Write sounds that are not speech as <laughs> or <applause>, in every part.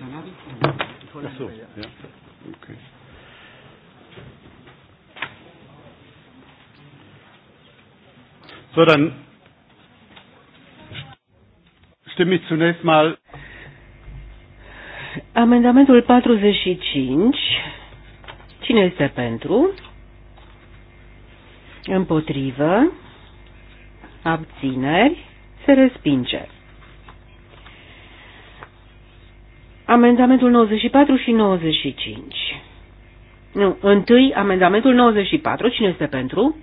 Ach so, ja. Okay. So, dann stimme ich zunächst mal. Amendamentul 45. Cine este pentru? Împotrivă? Abțineri? Se respinge. Amendamentul 94 și 95. Nu, întâi amendamentul 94, cine este pentru?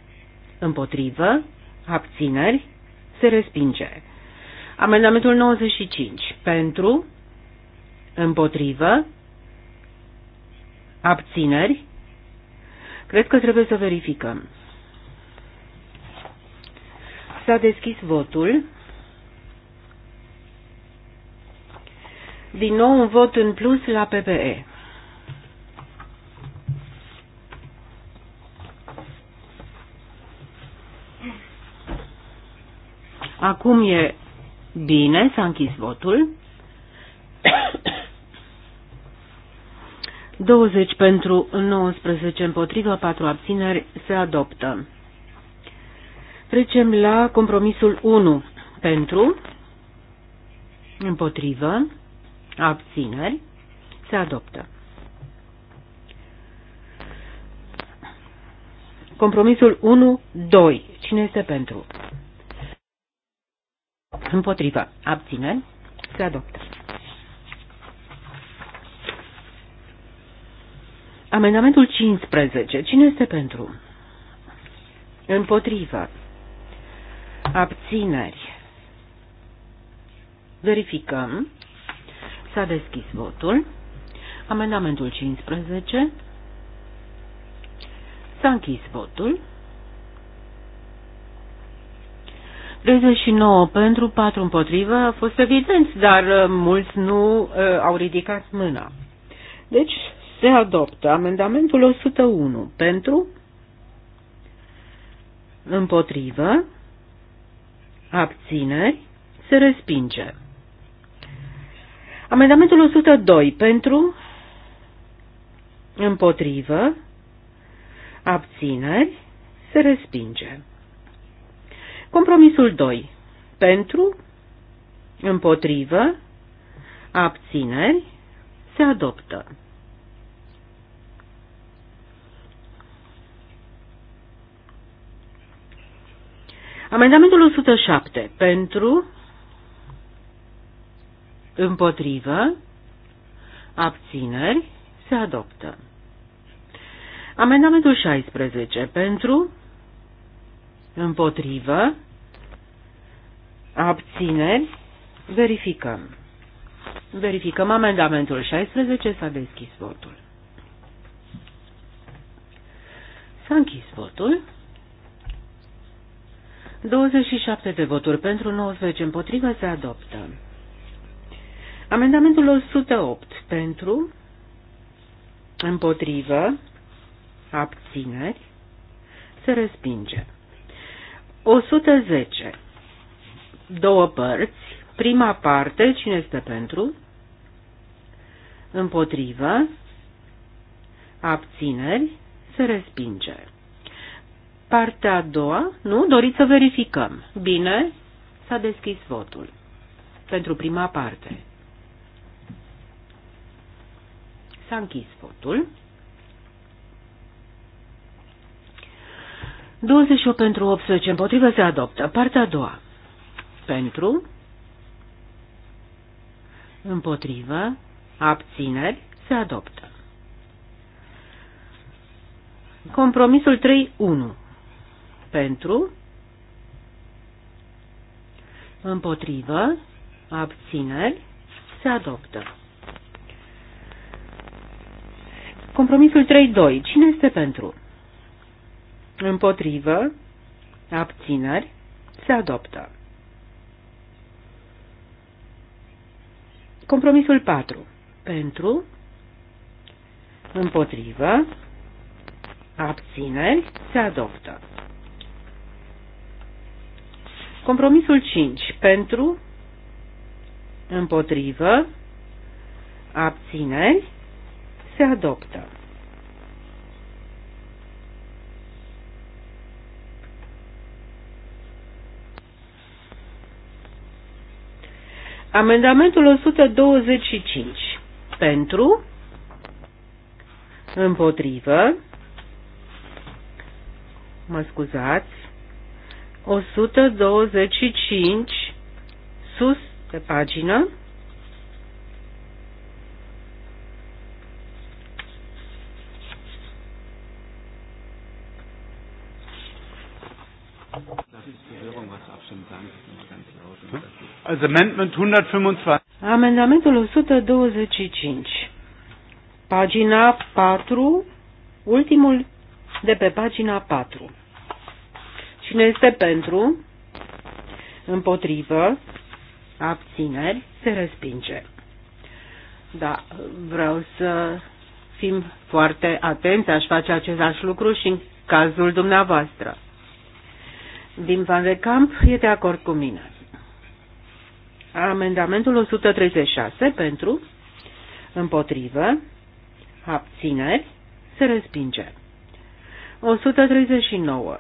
Împotrivă, abțineri, se respinge. Amendamentul 95, pentru, împotrivă, abțineri, cred că trebuie să verificăm. S-a deschis votul. Din nou un vot în plus la PPE. Acum e bine, s-a închis votul. 20 <coughs> pentru 19 împotriva, 4 abțineri se adoptă. Trecem la compromisul 1 pentru, împotrivă, abțineri, se adoptă. Compromisul 1-2. Cine este pentru? Împotriva. Abțineri. Se adoptă. Amendamentul 15. Cine este pentru? Împotriva. Abțineri. Verificăm. S-a deschis votul. Amendamentul 15. S-a închis votul. 39 pentru, 4 împotrivă, a fost evident, dar uh, mulți nu uh, au ridicat mâna. Deci se adoptă amendamentul 101 pentru, împotrivă, abțineri, se respinge. Amendamentul 102 pentru, împotrivă, abțineri, se respinge. Compromisul 2 pentru, împotrivă, abțineri, se adoptă. Amendamentul 107 pentru, Împotrivă. Abțineri. Se adoptă. Amendamentul 16. Pentru. Împotrivă. Abțineri. Verificăm. Verificăm amendamentul 16. S-a deschis votul. S-a închis votul. 27 de voturi pentru 19 împotrivă se adoptă. Amendamentul 108 pentru, împotrivă, abțineri, se respinge. 110. Două părți. Prima parte, cine este pentru? Împotrivă, abțineri, se respinge. Partea a doua, nu? Doriți să verificăm. Bine, s-a deschis votul. Pentru prima parte. S-a închis votul. 28 pentru 18 împotrivă se adoptă. Partea a doua. Pentru. Împotrivă. Abțineri. Se adoptă. Compromisul 3.1. Pentru. Împotrivă. Abțineri. Se adoptă. Compromisul 3.2. Cine este pentru? Împotrivă. Abțineri. Se adoptă. Compromisul 4. Pentru. Împotrivă. Abțineri. Se adoptă. Compromisul 5. Pentru. Împotrivă. Abțineri se adoptă. Amendamentul 125. Pentru, împotrivă, mă scuzați, 125 sus pe pagină, Amendment 125. Amendamentul 125. Pagina 4, ultimul de pe pagina 4. Cine este pentru? Împotrivă? Abțineri? Se respinge. Da, vreau să fim foarte atenți, aș face același lucru și în cazul dumneavoastră. Din Van de Camp e de acord cu mine. Amendamentul 136 pentru, împotrivă, abțineri, se respinge. 139.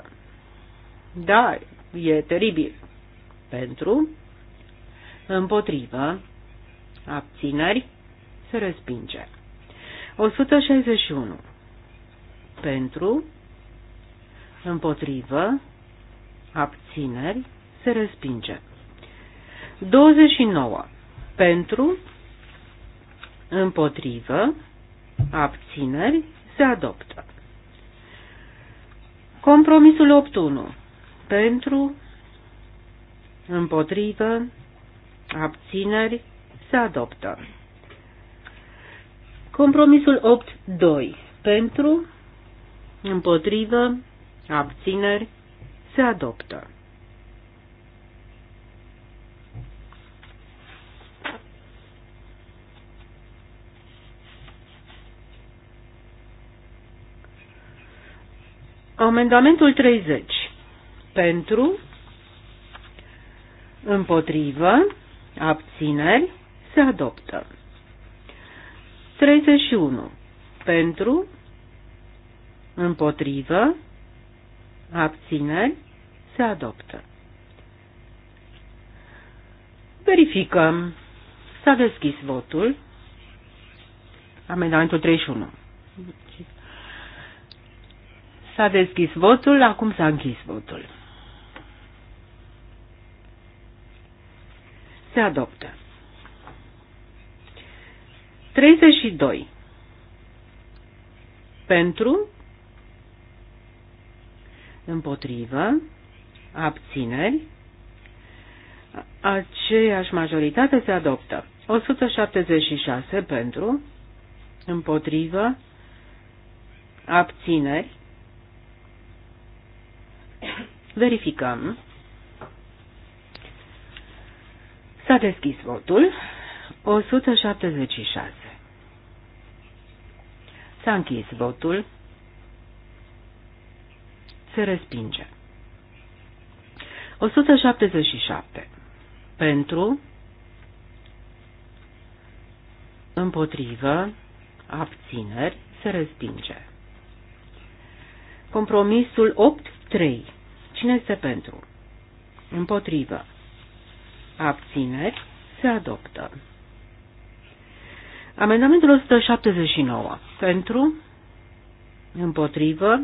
Da, e teribil. Pentru, împotrivă, abțineri, se respinge. 161. Pentru, împotrivă, abțineri, se respinge. 29. Pentru, împotrivă, abțineri, se adoptă. Compromisul 8.1. Pentru, împotrivă, abțineri, se adoptă. Compromisul 8.2. Pentru, împotrivă, abțineri, se adoptă. Amendamentul 30. Pentru, împotrivă, abțineri, se adoptă. 31. Pentru, împotrivă, abțineri, se adoptă. Verificăm. S-a deschis votul. Amendamentul 31. S-a deschis votul, acum s-a închis votul. Se adoptă. 32. Pentru, împotrivă, abțineri, aceeași majoritate se adoptă. 176 pentru, împotrivă, abțineri, Verificăm. S-a deschis votul. 176. S-a închis votul. Se respinge. 177. Pentru, împotrivă, abțineri, se respinge. Compromisul 8.3. Cine este pentru? Împotrivă. Abțineri. Se adoptă. Amendamentul 179. Pentru. Împotrivă.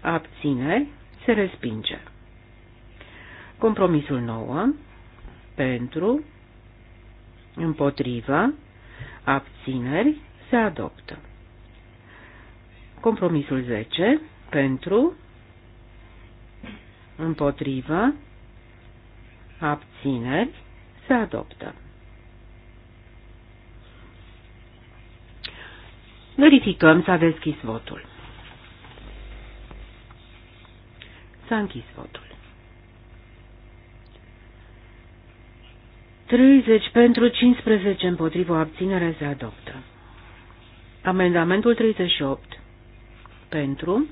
Abțineri. Se respinge. Compromisul 9. Pentru. Împotrivă. Abțineri. Se adoptă. Compromisul 10. Pentru împotrivă, abțineri, se adoptă. Verificăm, s-a deschis votul. S-a închis votul. 30 pentru 15 împotrivă abținere se adoptă. Amendamentul 38 pentru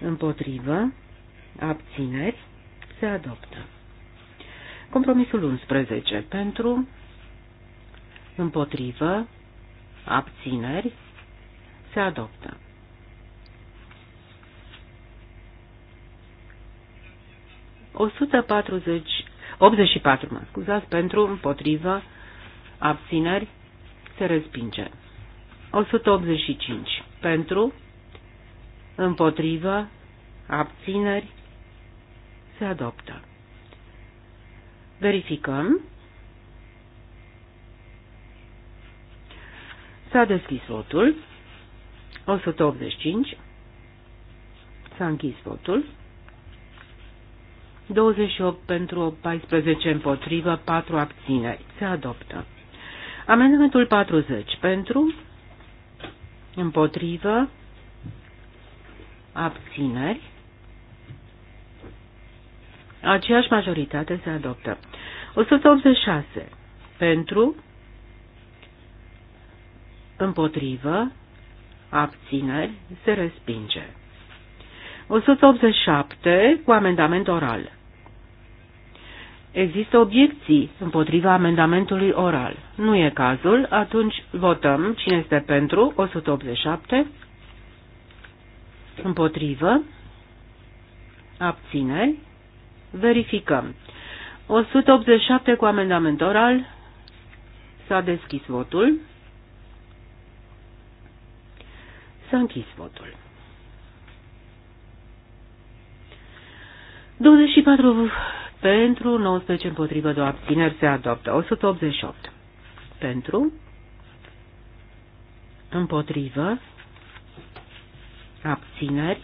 împotrivă abțineri, se adoptă. Compromisul 11 pentru, împotrivă, abțineri, se adoptă. O 140, 84, mă scuzați, pentru, împotrivă, abțineri, se respinge. 185. Pentru, împotrivă, abțineri, se adoptă. Verificăm. S-a deschis votul. 185. S-a închis votul. 28 pentru 14 împotrivă, 4 abțineri. Se adoptă. Amendamentul 40 pentru, împotrivă, abțineri. Aceeași majoritate se adoptă. 186. Pentru, împotrivă, abțineri, se respinge. 187. Cu amendament oral. Există obiecții împotriva amendamentului oral. Nu e cazul, atunci votăm cine este pentru 187, împotrivă, abțineri, Verificăm. 187 cu amendament oral. S-a deschis votul. S-a închis votul. 24 pentru, 19 împotrivă, 2 abțineri se adoptă. 188 pentru, împotrivă, abțineri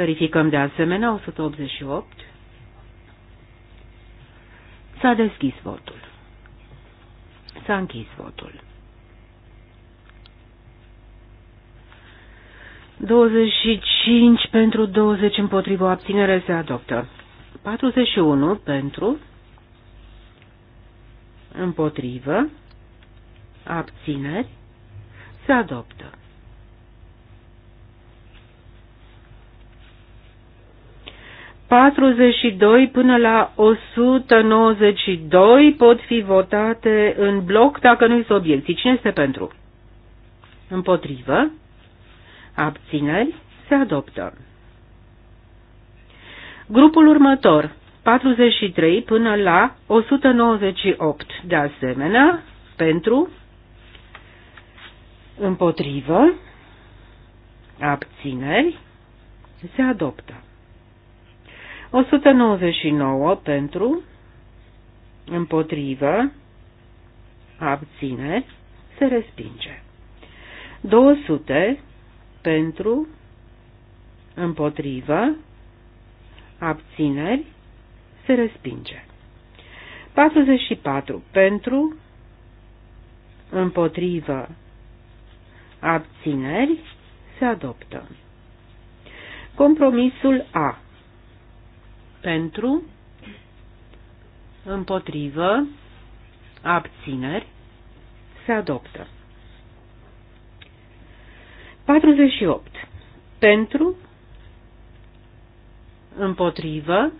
Verificăm de asemenea 188. S-a deschis votul. S-a închis votul. 25 pentru 20 împotriva abținere se adoptă. 41 pentru împotrivă abțineri se adoptă. 42 până la 192 pot fi votate în bloc dacă nu sunt obiecții. Cine este pentru? Împotrivă. Abțineri. Se adoptă. Grupul următor. 43 până la 198. De asemenea, pentru, împotrivă, abțineri, se adoptă. 199 pentru, împotrivă, abțineri, se respinge. 200 pentru, împotrivă, abțineri, se respinge. 44 pentru, împotrivă, abțineri, se adoptă. Compromisul A pentru, împotrivă, abțineri, se adoptă. 48. Pentru, împotrivă,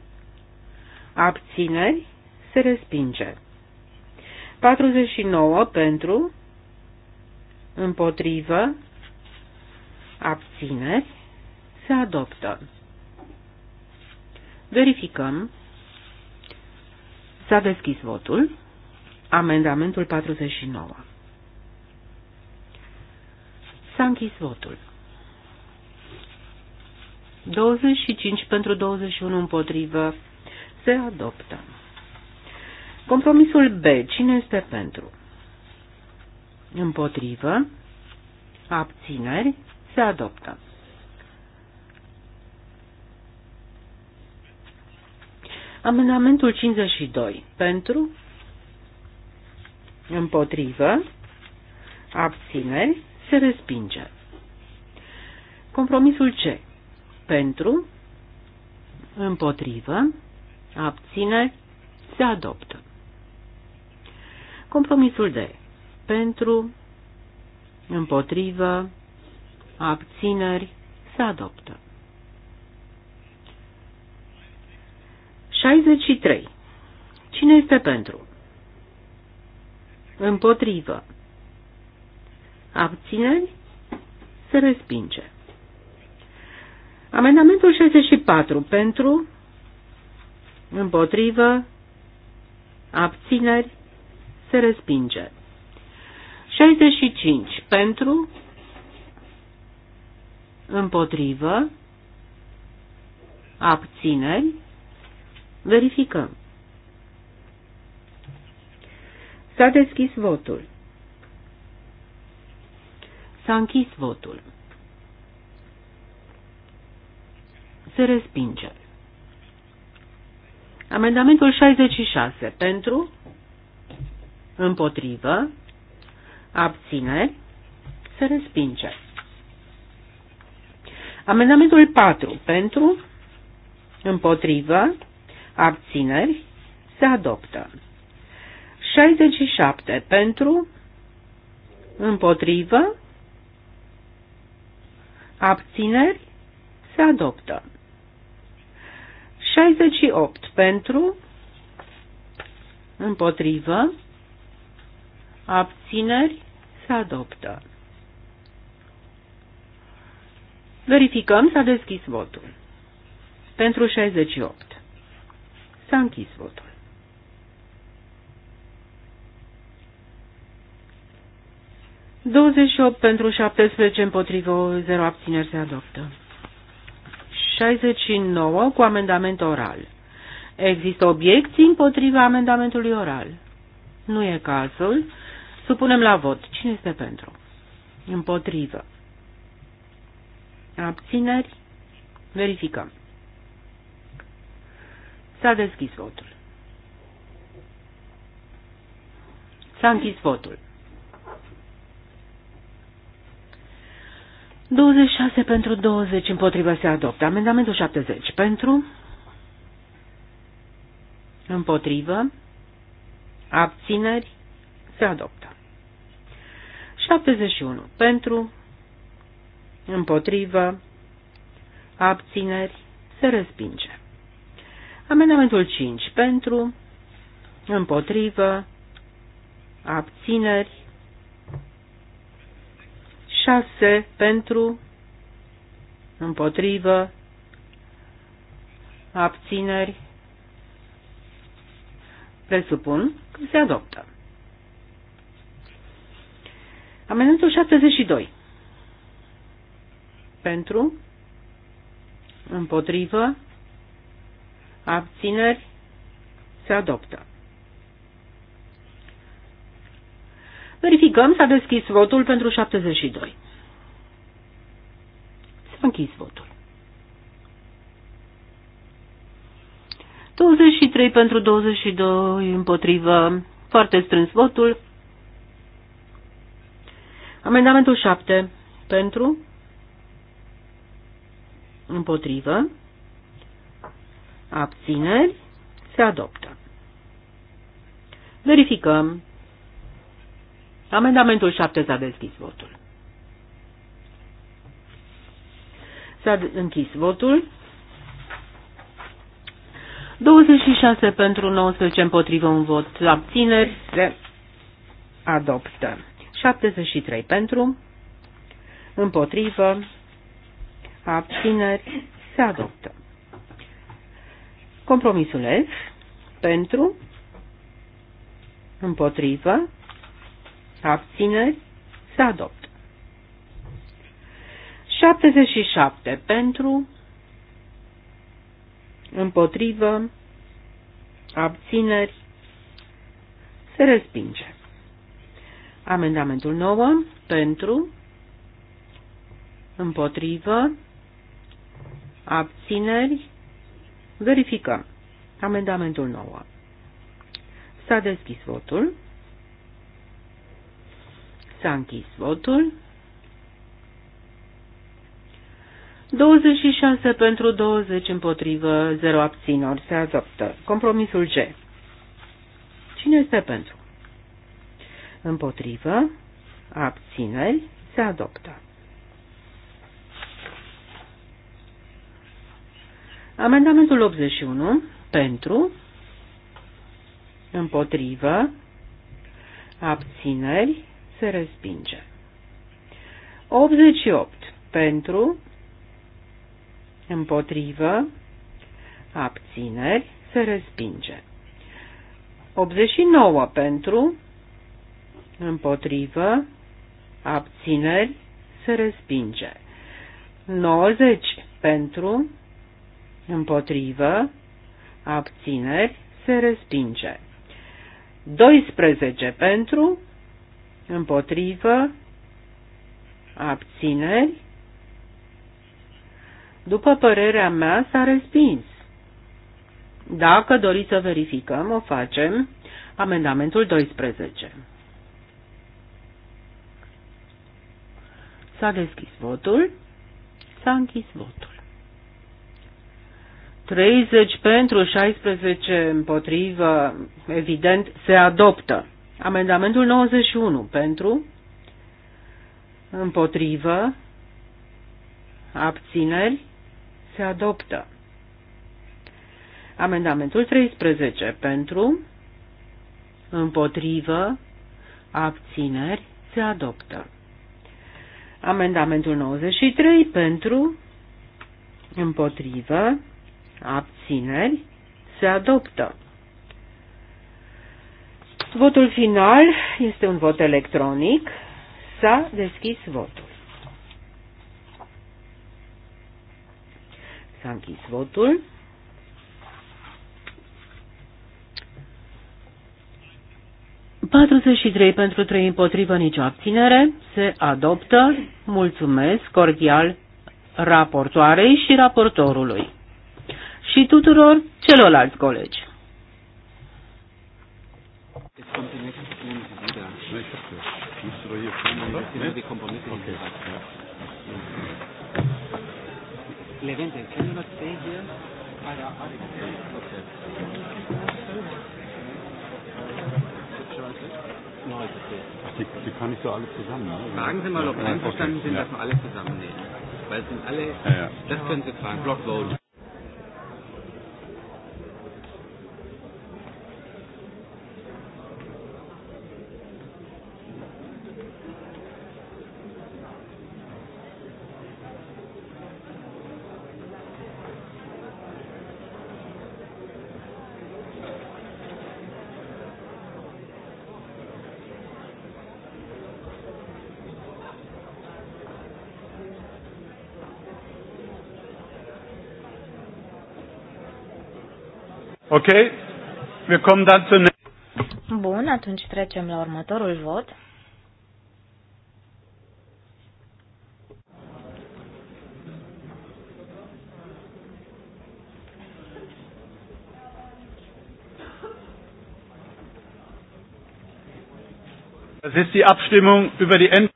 abțineri, se respinge. 49 pentru, împotrivă, abțineri, se adoptă. Verificăm. S-a deschis votul. Amendamentul 49. S-a închis votul. 25 pentru 21 împotrivă. Se adoptă. Compromisul B. Cine este pentru? Împotrivă. Abțineri. Se adoptă. Amendamentul 52. Pentru? Împotrivă? Abțineri? Se respinge. Compromisul C. Pentru? Împotrivă? Abțineri? Se adoptă. Compromisul D. Pentru? Împotrivă? Abțineri? Se adoptă. 63. Cine este pentru? Împotrivă. Abțineri? Se respinge. Amendamentul 64. Pentru? Împotrivă? Abțineri? Se respinge. 65. Pentru? Împotrivă? Abțineri? Verificăm. S-a deschis votul. S-a închis votul. Se respinge. Amendamentul 66. Pentru? Împotrivă? Abțineri? Se respinge. Amendamentul 4. Pentru? Împotrivă? abțineri, se adoptă. 67 pentru, împotrivă, abțineri, se adoptă. 68 pentru, împotrivă, abțineri, se adoptă. Verificăm s-a deschis votul. Pentru 68. S-a închis votul. Douăzeci pentru 17 împotrivă, 0 abțineri se adoptă. 69 cu amendament oral. Există obiecții împotriva amendamentului oral? Nu e cazul. Supunem la vot. Cine este pentru? Împotrivă. Abțineri? Verificăm. S-a deschis votul. S-a închis votul. 26 pentru 20 împotriva se adoptă. Amendamentul 70 pentru împotrivă abțineri se adoptă. 71 pentru împotrivă abțineri se respinge. Amendamentul 5 pentru, împotrivă, abțineri, 6 pentru, împotrivă, abțineri, presupun că se adoptă. Amendamentul 72 pentru, împotrivă, abțineri, se adoptă. Verificăm, s-a deschis votul pentru 72. S-a închis votul. 23 pentru 22 împotrivă, foarte strâns votul. Amendamentul 7 pentru, împotrivă, abțineri, se adoptă. Verificăm. Amendamentul 7 s-a deschis votul. S-a închis votul. 26 pentru 19 împotrivă un vot abțineri se adoptă. 73 pentru împotrivă abțineri se adoptă. Compromisul F pentru, împotrivă, abțineri, să adopt. 77 pentru, împotrivă, abțineri, se respinge. Amendamentul 9 pentru, împotrivă, abțineri, Verificăm. Amendamentul 9. S-a deschis votul. S-a închis votul. 26 pentru 20 împotrivă, 0 abținori. Se adoptă. Compromisul G. Cine este pentru? Împotrivă, abțineri, se adoptă. Amendamentul 81 pentru, împotrivă, abțineri, se respinge. 88 pentru, împotrivă, abțineri, se respinge. 89 pentru, împotrivă, abțineri, se respinge. 90 pentru, împotrivă, abțineri, se respinge. 12 pentru, împotrivă, abțineri, după părerea mea s-a respins. Dacă doriți să verificăm, o facem. Amendamentul 12. S-a deschis votul. S-a închis votul. 30 pentru 16 împotrivă, evident, se adoptă. Amendamentul 91 pentru, împotrivă, abțineri, se adoptă. Amendamentul 13 pentru, împotrivă, abțineri, se adoptă. Amendamentul 93 pentru, împotrivă, abțineri, se adoptă. Votul final este un vot electronic. S-a deschis votul. S-a închis votul. trei pentru 3 împotrivă, nicio abținere, se adoptă, mulțumesc cordial raportoarei și raportorului și tuturor celorlalți colegi. Die, die kann ich so alle zusammen. Ne? Fragen Sie mal, ob ja, einverstanden okay. sind, dass wir alle zusammennehmen. Weil es sind alle, ja, ja. das können Sie fragen, Block Vote. Ok? Wir kommen dann zu Bun, atunci trecem la următorul vot. Das ist die Abstimmung über die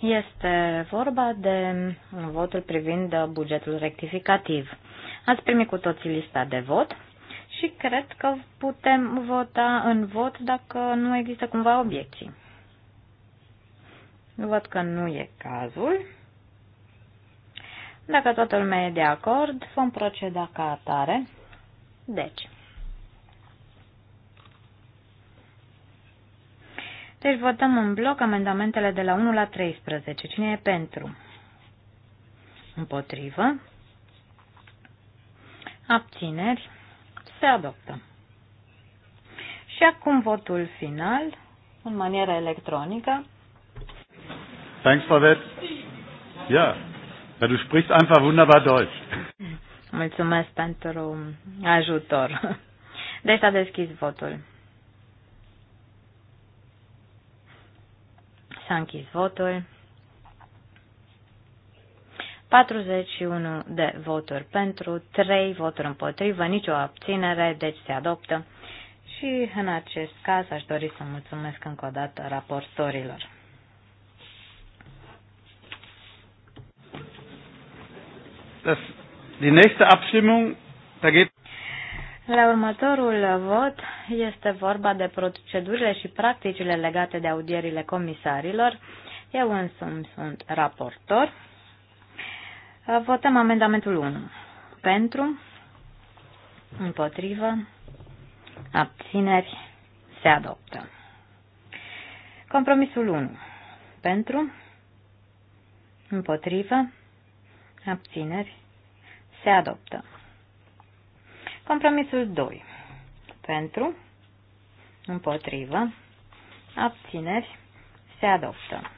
este vorba de votul privind bugetul rectificativ. Ați primit cu toții lista de vot și cred că putem vota în vot dacă nu există cumva obiecții. Văd că nu e cazul. Dacă toată lumea e de acord, vom proceda ca atare. Deci. Deci votăm în bloc amendamentele de la 1 la 13. Cine e pentru? Împotrivă. Abțineri se adoptă. Și acum votul final, în manieră electronică. Thanks for that. Yeah. Ja, du sprichst einfach wunderbar Deutsch. Mulțumesc pentru ajutor. Deci s-a deschis votul. S-a închis votul. 41 de voturi pentru, 3 voturi împotrivă, nicio abținere, deci se adoptă. Și în acest caz aș dori să mulțumesc încă o dată raportorilor. Das, die nächste Abstimmung, da geht la următorul vot este vorba de procedurile și practicile legate de audierile comisarilor. Eu însumi sunt raportor. Votăm amendamentul 1. Pentru, împotrivă, abțineri, se adoptă. Compromisul 1. Pentru, împotrivă, abțineri, se adoptă. Compromisul 2. Pentru, împotrivă, abțineri, se adoptă.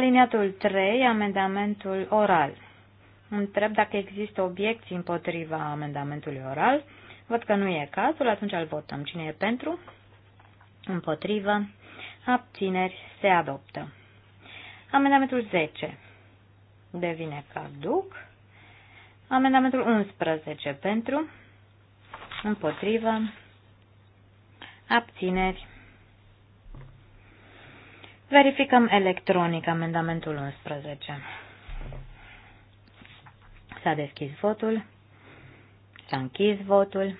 Aliniatul 3, amendamentul oral. Întreb dacă există obiecții împotriva amendamentului oral. Văd că nu e cazul, atunci îl votăm. Cine e pentru? Împotrivă. Abțineri. Se adoptă. Amendamentul 10 devine caduc. Amendamentul 11 pentru, împotrivă, abțineri. Verificăm electronic amendamentul 11. S-a deschis votul. S-a închis votul.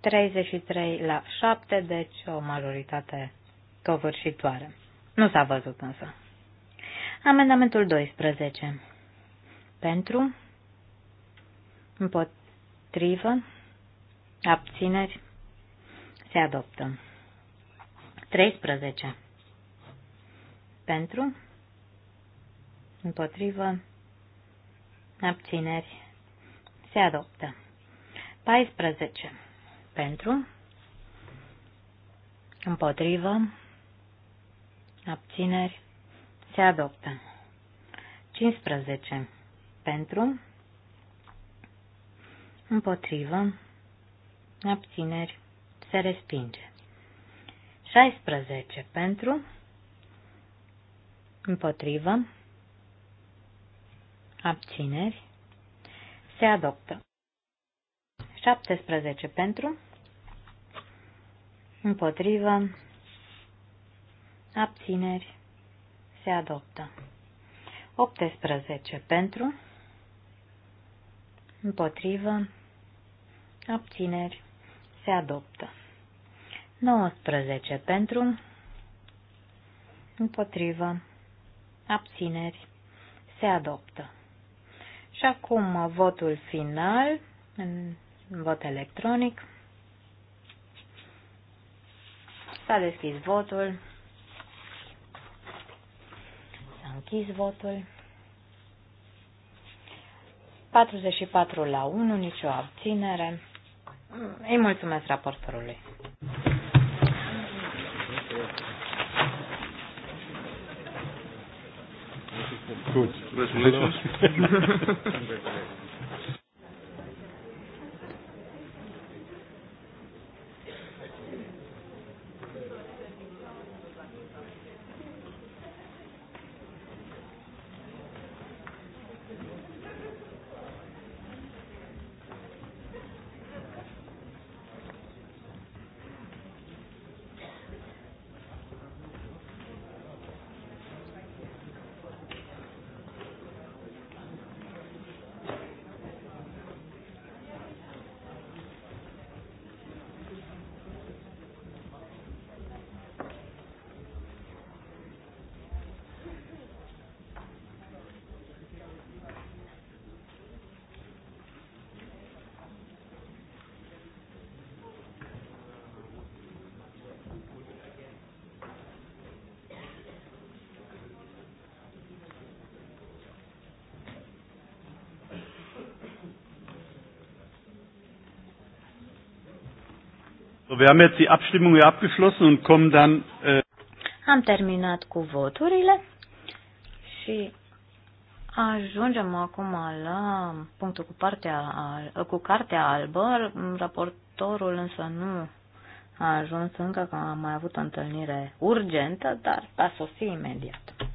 33 la 7, deci o majoritate covârșitoare. Nu s-a văzut însă. Amendamentul 12. Pentru, împotrivă, abțineri, se adoptă. 13. Pentru, împotrivă, abțineri, se adoptă. 14. Pentru, împotrivă, abțineri, se adoptă. 15. Pentru, împotrivă, abțineri, se respinge. 16 pentru, împotrivă, abțineri, se adoptă. 17 pentru, împotrivă, abțineri, se adoptă. 18 pentru, împotrivă, abțineri, se adoptă. 19 pentru, împotrivă, abțineri, se adoptă. Și acum votul final, în vot electronic. S-a deschis votul. S-a închis votul. 44 la 1, nicio abținere. Îi mulțumesc raportorului. Gut. Congratulations. <laughs> wir haben jetzt die Abstimmung abgeschlossen und kommen dann. Äh Am terminat cu voturile și ajungem acum la punctul cu, partea, cu cartea albă. Raportorul însă nu a ajuns încă, că am mai avut o întâlnire urgentă, dar a sosit imediat.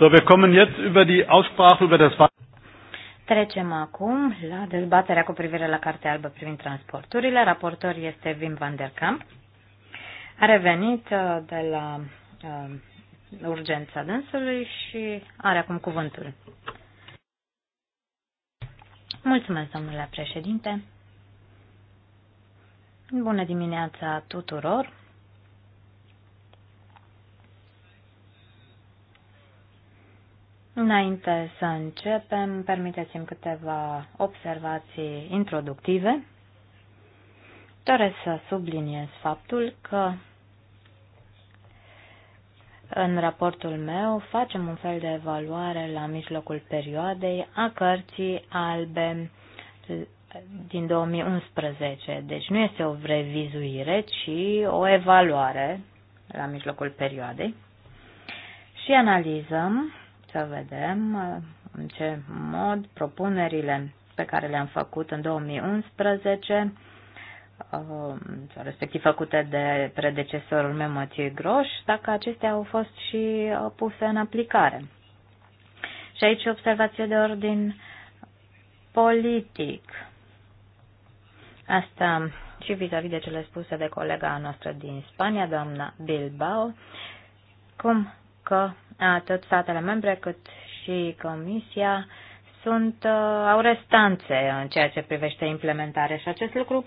So, wir kommen jetzt über die Aussprache über das Trecem acum la dezbaterea cu privire la Cartea Albă privind transporturile. Raportor este Wim van der Kamp. A revenit uh, de la uh, urgența dânsului și are acum cuvântul. Mulțumesc, domnule președinte. Bună dimineața tuturor. Înainte să începem, permiteți-mi câteva observații introductive. Doresc să subliniez faptul că în raportul meu facem un fel de evaluare la mijlocul perioadei a cărții albe din 2011. Deci nu este o revizuire, ci o evaluare la mijlocul perioadei. Și analizăm să vedem uh, în ce mod propunerile pe care le-am făcut în 2011, uh, respectiv făcute de predecesorul meu, Mătiu Groș, dacă acestea au fost și uh, puse în aplicare. Și aici observație de ordin politic. Asta și vis-a-vis -vis de cele spuse de colega noastră din Spania, doamna Bilbao, cum că atât statele membre cât și Comisia sunt, uh, au restanțe în ceea ce privește implementarea și acest lucru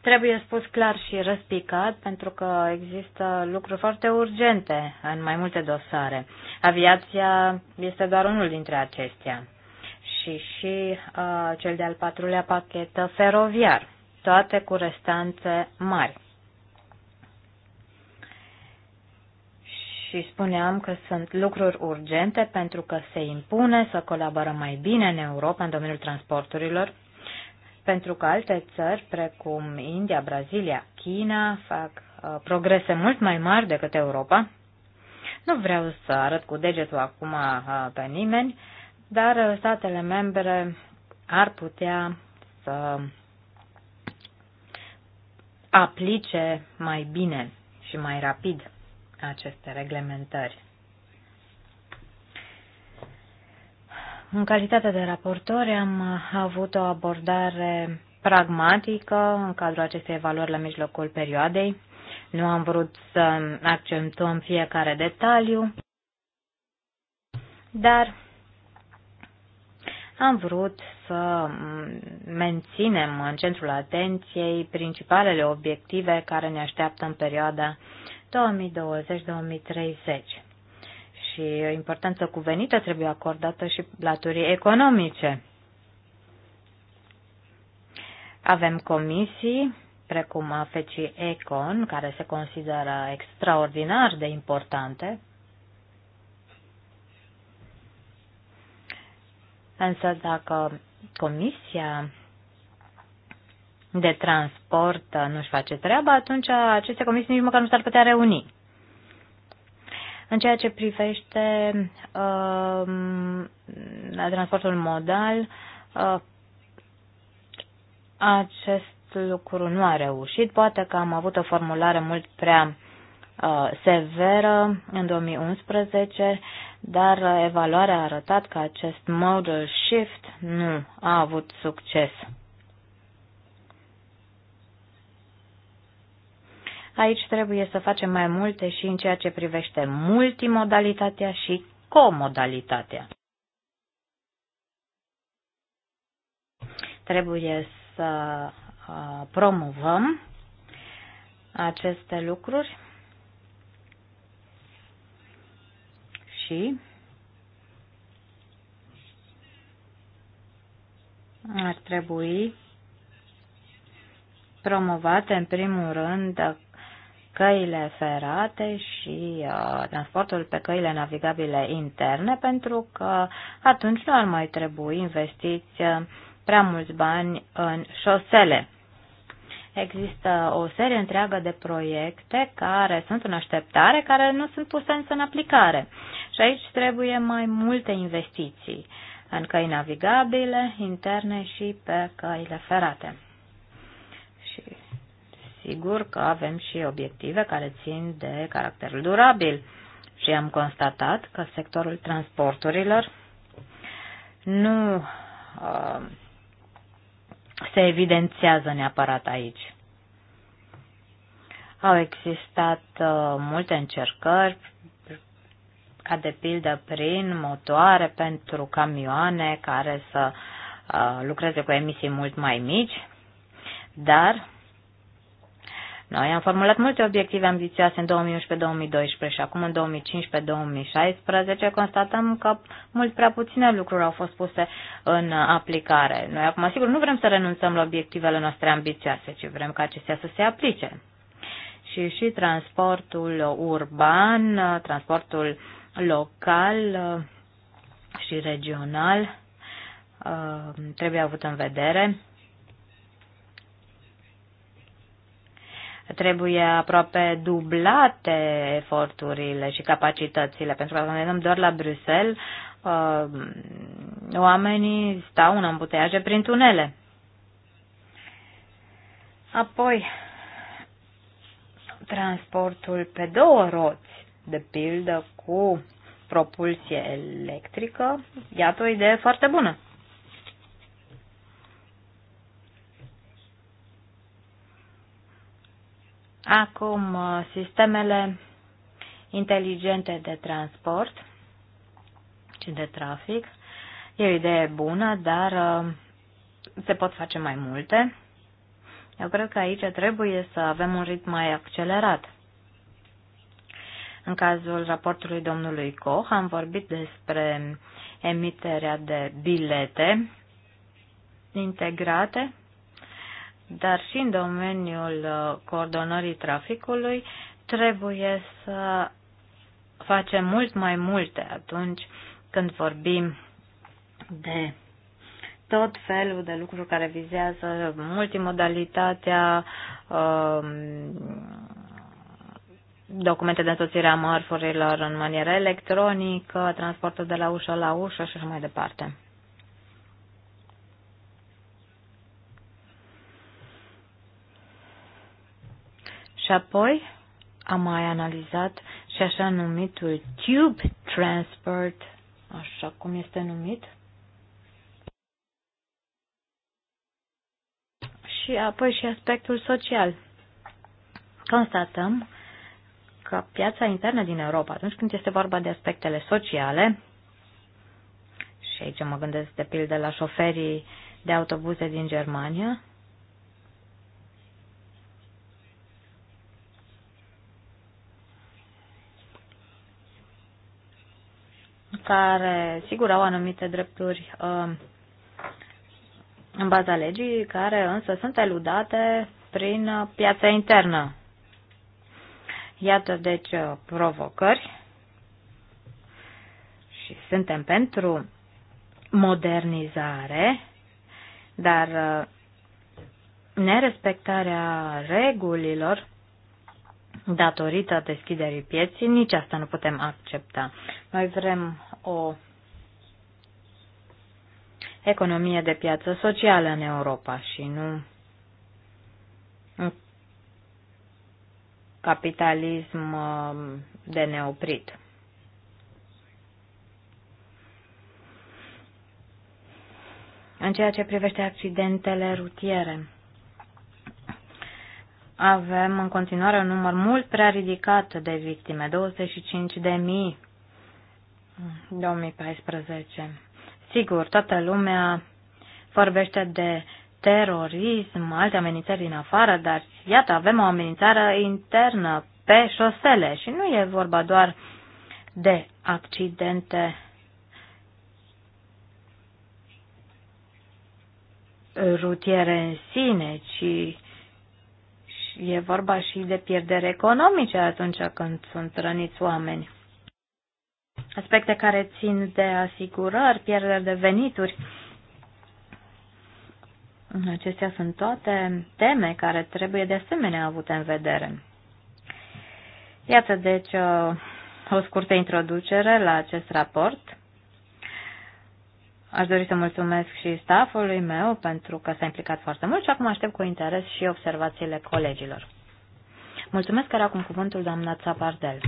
trebuie spus clar și răspicat pentru că există lucruri foarte urgente în mai multe dosare. Aviația este doar unul dintre acestea și și uh, cel de-al patrulea pachet feroviar, toate cu restanțe mari. și spuneam că sunt lucruri urgente pentru că se impune să colaborăm mai bine în Europa în domeniul transporturilor, pentru că alte țări precum India, Brazilia, China fac uh, progrese mult mai mari decât Europa. Nu vreau să arăt cu degetul acum uh, pe nimeni, dar uh, statele membre ar putea să aplice mai bine și mai rapid aceste reglementări. În calitate de raportor am avut o abordare pragmatică în cadrul acestei evaluări la mijlocul perioadei. Nu am vrut să accentuăm fiecare detaliu, dar am vrut să menținem în centrul atenției principalele obiective care ne așteaptă în perioada 2020-2030. Și importanță cuvenită trebuie acordată și laturii economice. Avem comisii precum fecii Econ, care se consideră extraordinar de importante, însă dacă comisia de transport uh, nu-și face treaba, atunci aceste comisii nici măcar nu s-ar putea reuni. În ceea ce privește uh, transportul modal, uh, acest lucru nu a reușit. Poate că am avut o formulare mult prea uh, severă în 2011, dar evaluarea a arătat că acest modal shift nu a avut succes. Aici trebuie să facem mai multe și în ceea ce privește multimodalitatea și comodalitatea. Trebuie să uh, promovăm aceste lucruri și ar trebui promovate în primul rând căile ferate și uh, transportul pe căile navigabile interne, pentru că atunci nu ar mai trebui investiți uh, prea mulți bani în șosele. Există o serie întreagă de proiecte care sunt în așteptare, care nu sunt puse însă în aplicare. Și aici trebuie mai multe investiții în căi navigabile, interne și pe căile ferate sigur că avem și obiective care țin de caracter durabil și am constatat că sectorul transporturilor nu uh, se evidențiază neapărat aici. Au existat uh, multe încercări, ca de pildă prin motoare pentru camioane care să uh, lucreze cu emisii mult mai mici, dar noi am formulat multe obiective ambițioase în 2011-2012 și acum în 2015-2016 constatăm că mult prea puține lucruri au fost puse în aplicare. Noi acum, sigur, nu vrem să renunțăm la obiectivele noastre ambițioase, ci vrem ca acestea să se aplice. Și și transportul urban, transportul local uh, și regional uh, trebuie avut în vedere trebuie aproape dublate eforturile și capacitățile, pentru că dacă ne dăm doar la Bruxelles, uh, oamenii stau în ambuteiaje prin tunele. Apoi, transportul pe două roți, de pildă cu propulsie electrică, iată o idee foarte bună. Acum, uh, sistemele inteligente de transport și de trafic. E o idee bună, dar uh, se pot face mai multe. Eu cred că aici trebuie să avem un ritm mai accelerat. În cazul raportului domnului Koch am vorbit despre emiterea de bilete integrate dar și în domeniul uh, coordonării traficului trebuie să facem mult mai multe atunci când vorbim de tot felul de lucruri care vizează multimodalitatea, um, documente de însoțire a mărfurilor în manieră electronică, transportul de la ușă la ușă și așa mai departe. Și apoi am mai analizat și așa numitul tube transport, așa cum este numit. Și apoi și aspectul social. Constatăm că piața internă din Europa, atunci când este vorba de aspectele sociale, și aici mă gândesc de pildă la șoferii de autobuze din Germania, care, sigur, au anumite drepturi um, în baza legii, care însă sunt eludate prin piața internă. Iată, deci, provocări și suntem pentru modernizare, dar uh, nerespectarea regulilor datorită deschiderii pieții, nici asta nu putem accepta. Noi vrem o economie de piață socială în Europa și nu un capitalism um, de neoprit. În ceea ce privește accidentele rutiere, avem în continuare un număr mult prea ridicat de victime, 25 de mii 2014. Sigur, toată lumea vorbește de terorism, alte amenințări din afară, dar iată, avem o amenințare internă pe șosele și nu e vorba doar de accidente rutiere în sine, ci e vorba și de pierdere economice atunci când sunt răniți oameni aspecte care țin de asigurări, pierderi de venituri. Acestea sunt toate teme care trebuie de asemenea avute în vedere. Iată deci o scurtă introducere la acest raport. Aș dori să mulțumesc și staffului meu pentru că s-a implicat foarte mult și acum aștept cu interes și observațiile colegilor. Mulțumesc, era acum cuvântul doamna Țapardel.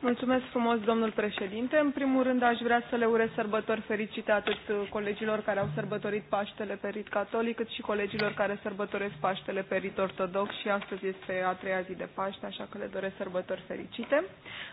Mulțumesc frumos, domnul președinte. În primul rând, aș vrea să le urez sărbători fericite atât colegilor care au sărbătorit Paștele pe rit catolic, cât și colegilor care sărbătoresc Paștele pe rit ortodox și astăzi este a treia zi de Paște, așa că le doresc sărbători fericite.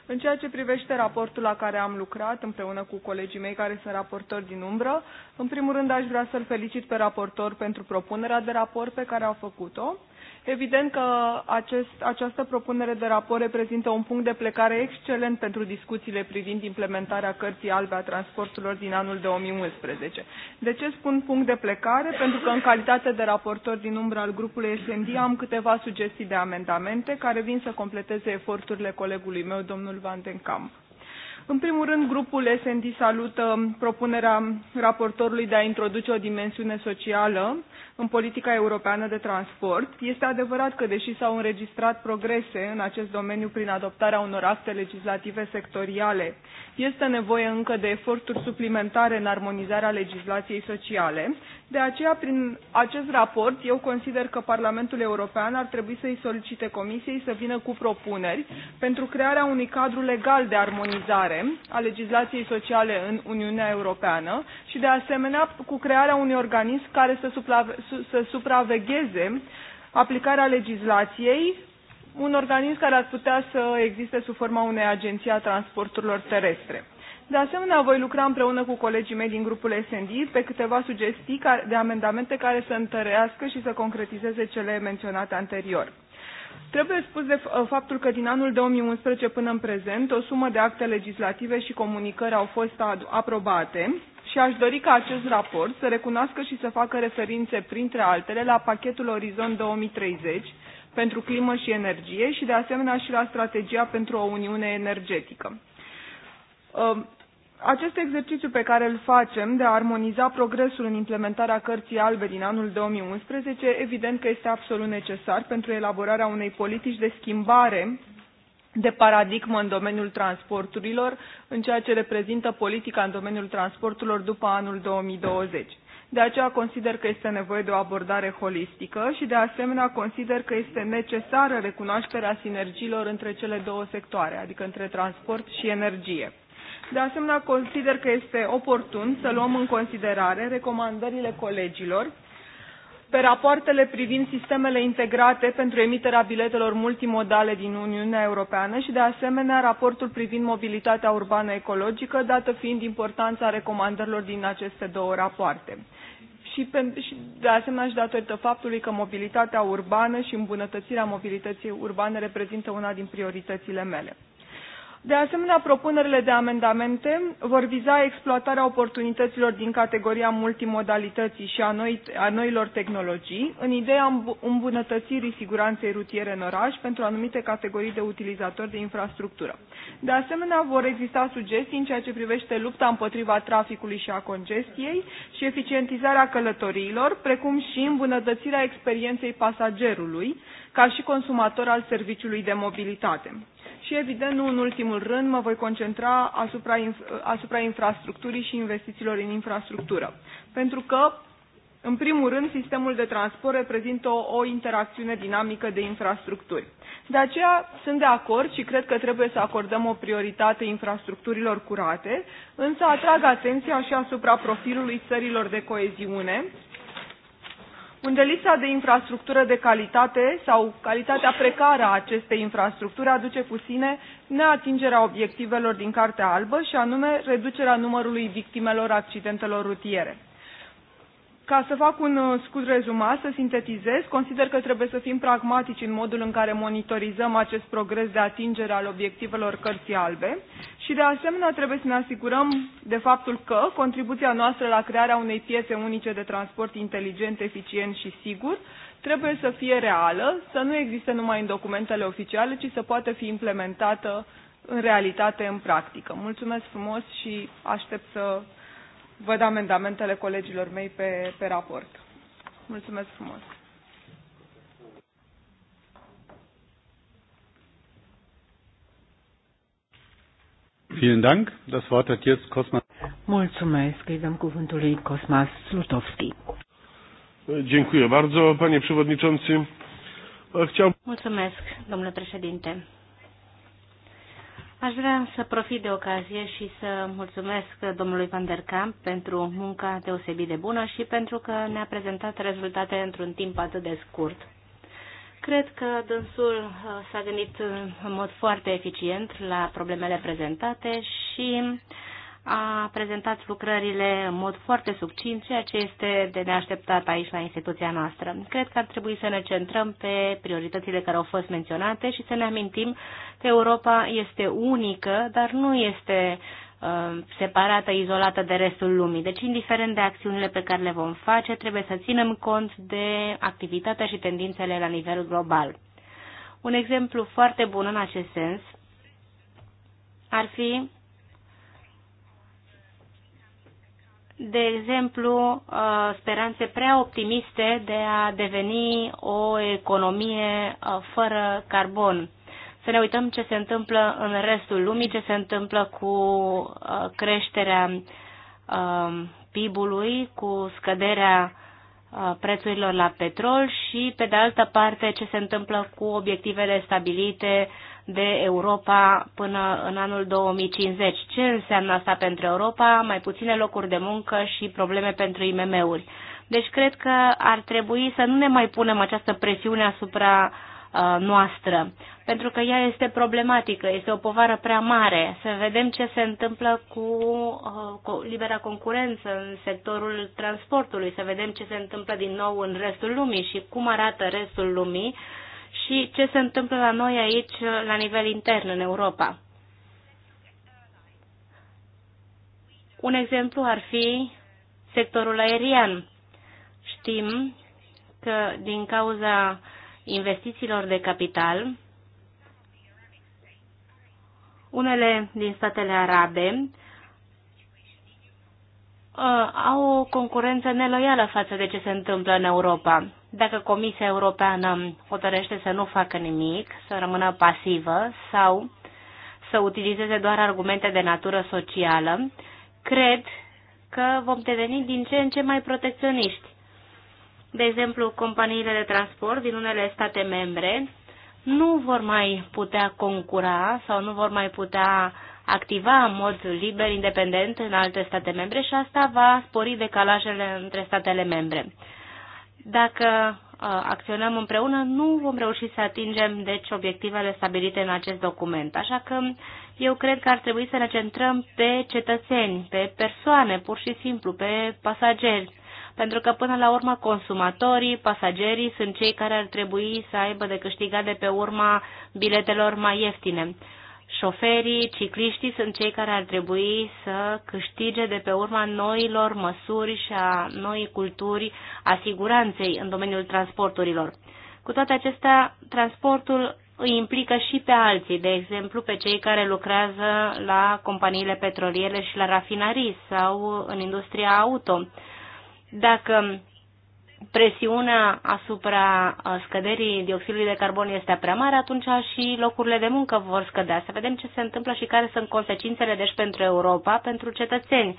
În ceea ce privește raportul la care am lucrat împreună cu colegii mei care sunt raportori din umbră, în primul rând aș vrea să-l felicit pe raportor pentru propunerea de raport pe care a făcut-o. Evident că acest, această propunere de raport reprezintă un punct de plecare excelent pentru discuțiile privind implementarea cărții albe a transporturilor din anul 2011. De ce spun punct de plecare? Pentru că în calitate de raportor din umbra al grupului SND am câteva sugestii de amendamente care vin să completeze eforturile colegului meu, domnul Van den Kamp. În primul rând, grupul SND salută propunerea raportorului de a introduce o dimensiune socială în politica europeană de transport. Este adevărat că, deși s-au înregistrat progrese în acest domeniu prin adoptarea unor acte legislative sectoriale, este nevoie încă de eforturi suplimentare în armonizarea legislației sociale. De aceea, prin acest raport, eu consider că Parlamentul European ar trebui să-i solicite Comisiei să vină cu propuneri pentru crearea unui cadru legal de armonizare a legislației sociale în Uniunea Europeană și, de asemenea, cu crearea unui organism care să, suprave, să supravegheze aplicarea legislației, un organism care ar putea să existe sub forma unei agenții a transporturilor terestre. De asemenea, voi lucra împreună cu colegii mei din grupul SND pe câteva sugestii de amendamente care să întărească și să concretizeze cele menționate anterior. Trebuie spus de uh, faptul că din anul 2011 până în prezent o sumă de acte legislative și comunicări au fost aprobate și aș dori ca acest raport să recunoască și să facă referințe, printre altele, la pachetul Orizont 2030 pentru climă și energie și, de asemenea, și la strategia pentru o Uniune energetică. Uh, acest exercițiu pe care îl facem de a armoniza progresul în implementarea cărții albe din anul 2011, evident că este absolut necesar pentru elaborarea unei politici de schimbare de paradigmă în domeniul transporturilor, în ceea ce reprezintă politica în domeniul transporturilor după anul 2020. De aceea consider că este nevoie de o abordare holistică și de asemenea consider că este necesară recunoașterea sinergiilor între cele două sectoare, adică între transport și energie. De asemenea, consider că este oportun să luăm în considerare recomandările colegilor pe rapoartele privind sistemele integrate pentru emiterea biletelor multimodale din Uniunea Europeană și, de asemenea, raportul privind mobilitatea urbană ecologică, dată fiind importanța recomandărilor din aceste două rapoarte. Și, de asemenea și datorită faptului că mobilitatea urbană și îmbunătățirea mobilității urbane reprezintă una din prioritățile mele. De asemenea, propunerile de amendamente vor viza exploatarea oportunităților din categoria multimodalității și a, noi, a noilor tehnologii, în ideea îmbunătățirii siguranței rutiere în oraș pentru anumite categorii de utilizatori de infrastructură. De asemenea, vor exista sugestii în ceea ce privește lupta împotriva traficului și a congestiei și eficientizarea călătoriilor, precum și îmbunătățirea experienței pasagerului, ca și consumator al serviciului de mobilitate și, evident, nu în ultimul rând, mă voi concentra asupra, asupra infrastructurii și investițiilor în infrastructură. Pentru că, în primul rând, sistemul de transport reprezintă o, o interacțiune dinamică de infrastructuri. De aceea sunt de acord și cred că trebuie să acordăm o prioritate infrastructurilor curate, însă atrag atenția și asupra profilului țărilor de coeziune, unde lipsa de infrastructură de calitate sau calitatea precară a acestei infrastructuri aduce cu sine neatingerea obiectivelor din Cartea Albă și anume reducerea numărului victimelor accidentelor rutiere. Ca să fac un uh, scurt rezumat, să sintetizez, consider că trebuie să fim pragmatici în modul în care monitorizăm acest progres de atingere al obiectivelor cărții albe și, de asemenea, trebuie să ne asigurăm de faptul că contribuția noastră la crearea unei piețe unice de transport inteligent, eficient și sigur trebuie să fie reală, să nu existe numai în documentele oficiale, ci să poată fi implementată în realitate, în practică. Mulțumesc frumos și aștept să văd amendamentele colegilor mei pe, pe raport. Mulțumesc frumos! Vielen Dank. Das Wort hat jetzt Cosmas. Mulțumesc. Îi dăm cuvântul lui Cosmas Slutovski. Dziękuję bardzo, panie przewodniczący. Chciał... Mulțumesc, domnule președinte. Aș vrea să profit de ocazie și să mulțumesc domnului Van der Kamp pentru munca deosebit de bună și pentru că ne-a prezentat rezultate într-un timp atât de scurt. Cred că dânsul uh, s-a gândit uh, în mod foarte eficient la problemele prezentate și uh, a prezentat lucrările în mod foarte succint, ceea ce este de neașteptat aici la instituția noastră. Cred că ar trebui să ne centrăm pe prioritățile care au fost menționate și să ne amintim că Europa este unică, dar nu este uh, separată, izolată de restul lumii. Deci, indiferent de acțiunile pe care le vom face, trebuie să ținem cont de activitatea și tendințele la nivel global. Un exemplu foarte bun în acest sens ar fi de exemplu, uh, speranțe prea optimiste de a deveni o economie uh, fără carbon. Să ne uităm ce se întâmplă în restul lumii, ce se întâmplă cu uh, creșterea um, PIB-ului, cu scăderea prețurilor la petrol și, pe de altă parte, ce se întâmplă cu obiectivele stabilite uh, de Europa până în anul 2050. Ce înseamnă asta pentru Europa? Mai puține locuri de muncă și probleme pentru IMM-uri. Deci cred că ar trebui să nu ne mai punem această presiune asupra uh, noastră, pentru că ea este problematică, este o povară prea mare. Să vedem ce se întâmplă cu, uh, cu libera concurență în sectorul transportului, să vedem ce se întâmplă din nou în restul lumii și cum arată restul lumii și ce se întâmplă la noi aici, la nivel intern, în Europa. Un exemplu ar fi sectorul aerian. Știm că din cauza investițiilor de capital, unele din statele arabe uh, au o concurență neloială față de ce se întâmplă în Europa dacă Comisia Europeană hotărăște să nu facă nimic, să rămână pasivă sau să utilizeze doar argumente de natură socială, cred că vom deveni din ce în ce mai protecționiști. De exemplu, companiile de transport din unele state membre nu vor mai putea concura sau nu vor mai putea activa în mod liber, independent în alte state membre și asta va spori decalajele între statele membre. Dacă uh, acționăm împreună, nu vom reuși să atingem deci obiectivele stabilite în acest document. Așa că eu cred că ar trebui să ne centrăm pe cetățeni, pe persoane, pur și simplu, pe pasageri. Pentru că până la urmă consumatorii, pasagerii sunt cei care ar trebui să aibă de câștigat de pe urma biletelor mai ieftine. Șoferii, cicliștii sunt cei care ar trebui să câștige de pe urma noilor măsuri și a noii culturi a siguranței în domeniul transporturilor. Cu toate acestea, transportul îi implică și pe alții, de exemplu pe cei care lucrează la companiile petroliere și la rafinării sau în industria auto. Dacă presiunea asupra uh, scăderii dioxidului de carbon este prea mare, atunci și locurile de muncă vor scădea. Să vedem ce se întâmplă și care sunt consecințele deci pentru Europa, pentru cetățeni.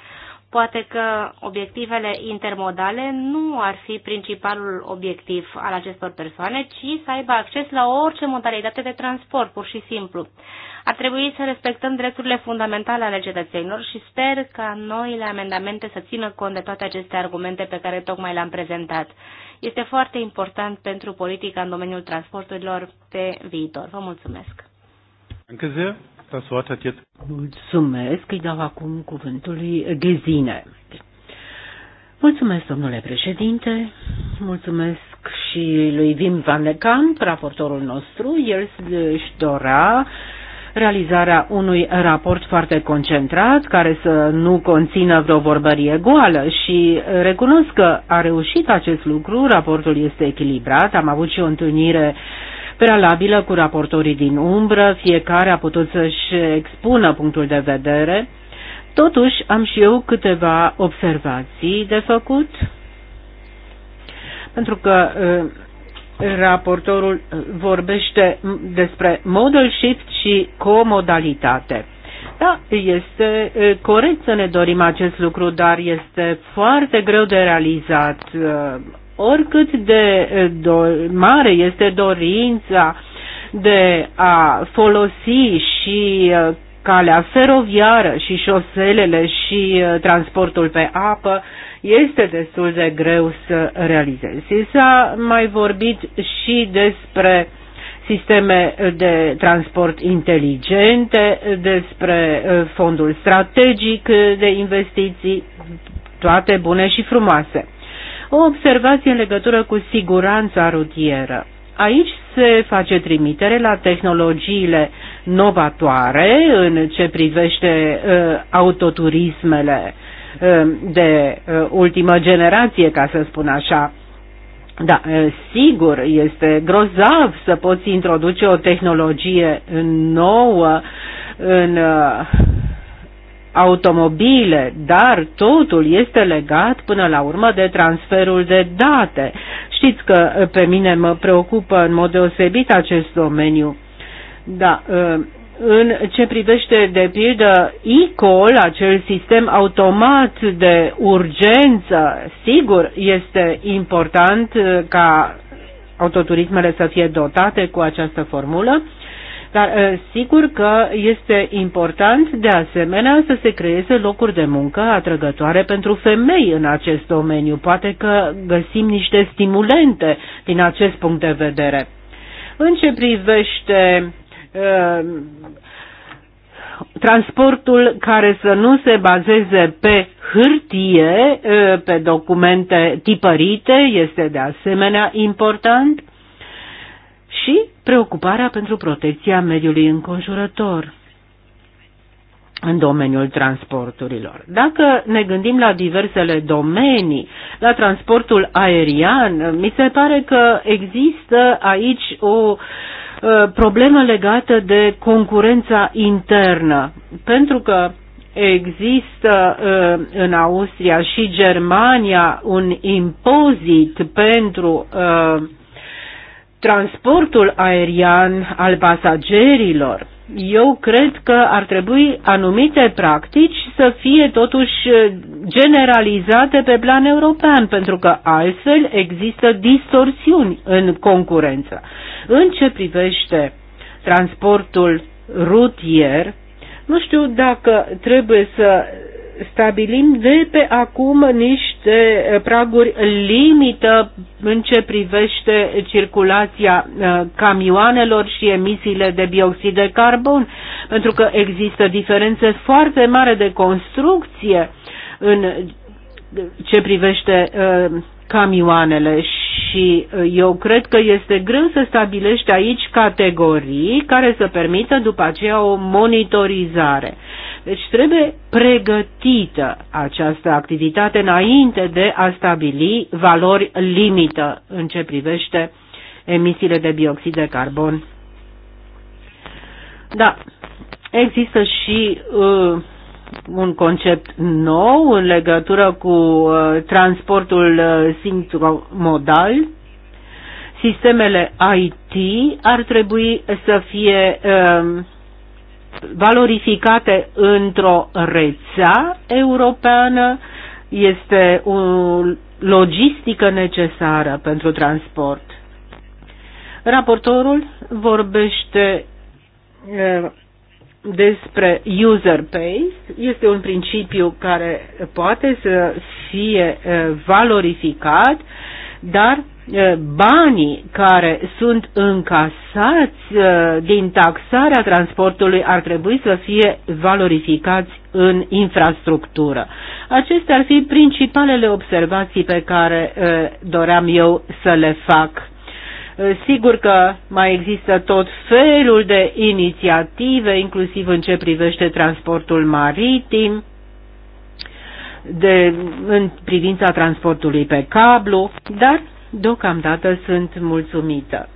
Poate că obiectivele intermodale nu ar fi principalul obiectiv al acestor persoane, ci să aibă acces la orice modalitate de transport, pur și simplu. Ar trebui să respectăm drepturile fundamentale ale cetățenilor și sper ca noile amendamente să țină cont de toate aceste argumente pe care tocmai le-am prezentat. Este foarte important pentru politica în domeniul transporturilor pe viitor. Vă mulțumesc! Încă Das Wort hat jetzt. Mulțumesc, îi dau acum cuvântul lui Ghezine. Mulțumesc, domnule președinte, mulțumesc și lui Wim van de Kamp, raportorul nostru. El își dorea realizarea unui raport foarte concentrat, care să nu conțină vreo vorbărie goală și recunosc că a reușit acest lucru, raportul este echilibrat, am avut și o întâlnire uh, prealabilă cu raportorii din umbră, fiecare a putut să-și expună punctul de vedere. Totuși, am și eu câteva observații de făcut, pentru că ă, raportorul vorbește despre model shift și comodalitate. Da, este ă, corect să ne dorim acest lucru, dar este foarte greu de realizat ă, oricât de mare este dorința de a folosi și calea feroviară și șoselele și transportul pe apă, este destul de greu să realizezi. S-a mai vorbit și despre sisteme de transport inteligente, despre fondul strategic de investiții, toate bune și frumoase. O observație în legătură cu siguranța rutieră. Aici se face trimitere la tehnologiile novatoare în ce privește uh, autoturismele uh, de uh, ultimă generație, ca să spun așa. Da, uh, sigur, este grozav să poți introduce o tehnologie nouă în uh, automobile, dar totul este legat până la urmă de transferul de date. Știți că uh, pe mine mă preocupă în mod deosebit acest domeniu. Da, uh, în ce privește de pildă e-call, acel sistem automat de urgență, sigur este important uh, ca autoturismele să fie dotate cu această formulă, dar uh, sigur că este important de asemenea să se creeze locuri de muncă atrăgătoare pentru femei în acest domeniu. Poate că găsim niște stimulente din acest punct de vedere. În ce privește uh, transportul care să nu se bazeze pe hârtie, uh, pe documente tipărite, este de asemenea important și preocuparea pentru protecția mediului înconjurător în domeniul transporturilor. Dacă ne gândim la diversele domenii, la transportul aerian, mi se pare că există aici o uh, problemă legată de concurența internă, pentru că există uh, în Austria și Germania un impozit pentru uh, transportul aerian al pasagerilor. Eu cred că ar trebui anumite practici să fie totuși generalizate pe plan european, pentru că altfel există distorsiuni în concurență. În ce privește transportul rutier, nu știu dacă trebuie să stabilim de pe acum niște eh, praguri limită în ce privește circulația eh, camioanelor și emisiile de bioxid de carbon, pentru că există diferențe foarte mari de construcție în ce privește eh, camioanele și eu cred că este greu să stabilești aici categorii care să permită după aceea o monitorizare. Deci trebuie pregătită această activitate înainte de a stabili valori limită în ce privește emisiile de bioxid de carbon. Da, există și uh, un concept nou în legătură cu uh, transportul uh, sintromodal. Sistemele IT ar trebui să fie uh, valorificate într-o rețea europeană este o logistică necesară pentru transport. Raportorul vorbește despre user pays. Este un principiu care poate să fie valorificat, dar Eh, banii care sunt încasați eh, din taxarea transportului ar trebui să fie valorificați în infrastructură. Acestea ar fi principalele observații pe care eh, doream eu să le fac. Sigur că mai există tot felul de inițiative, inclusiv în ce privește transportul maritim, de, în privința transportului pe cablu, dar Deocamdată sunt mulțumită.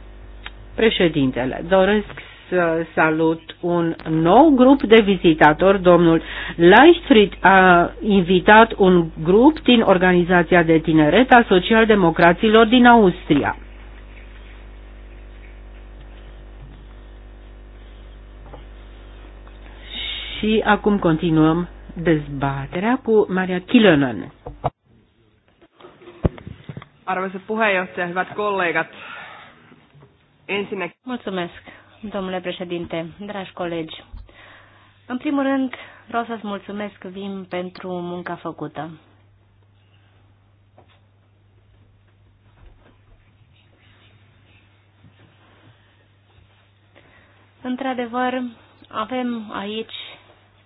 Președintele, doresc să salut un nou grup de vizitatori. Domnul Leichtfried a invitat un grup din Organizația de Tineret a Socialdemocraților din Austria. Și acum continuăm dezbaterea cu Maria Kilonen. Arvoisa puheenjohtaja, hyvät kollegat. Ensinnäkin... Mulțumesc, domnule președinte, dragi colegi. În primul rând, vreau să-ți mulțumesc, Vim, pentru munca făcută. Într-adevăr, avem aici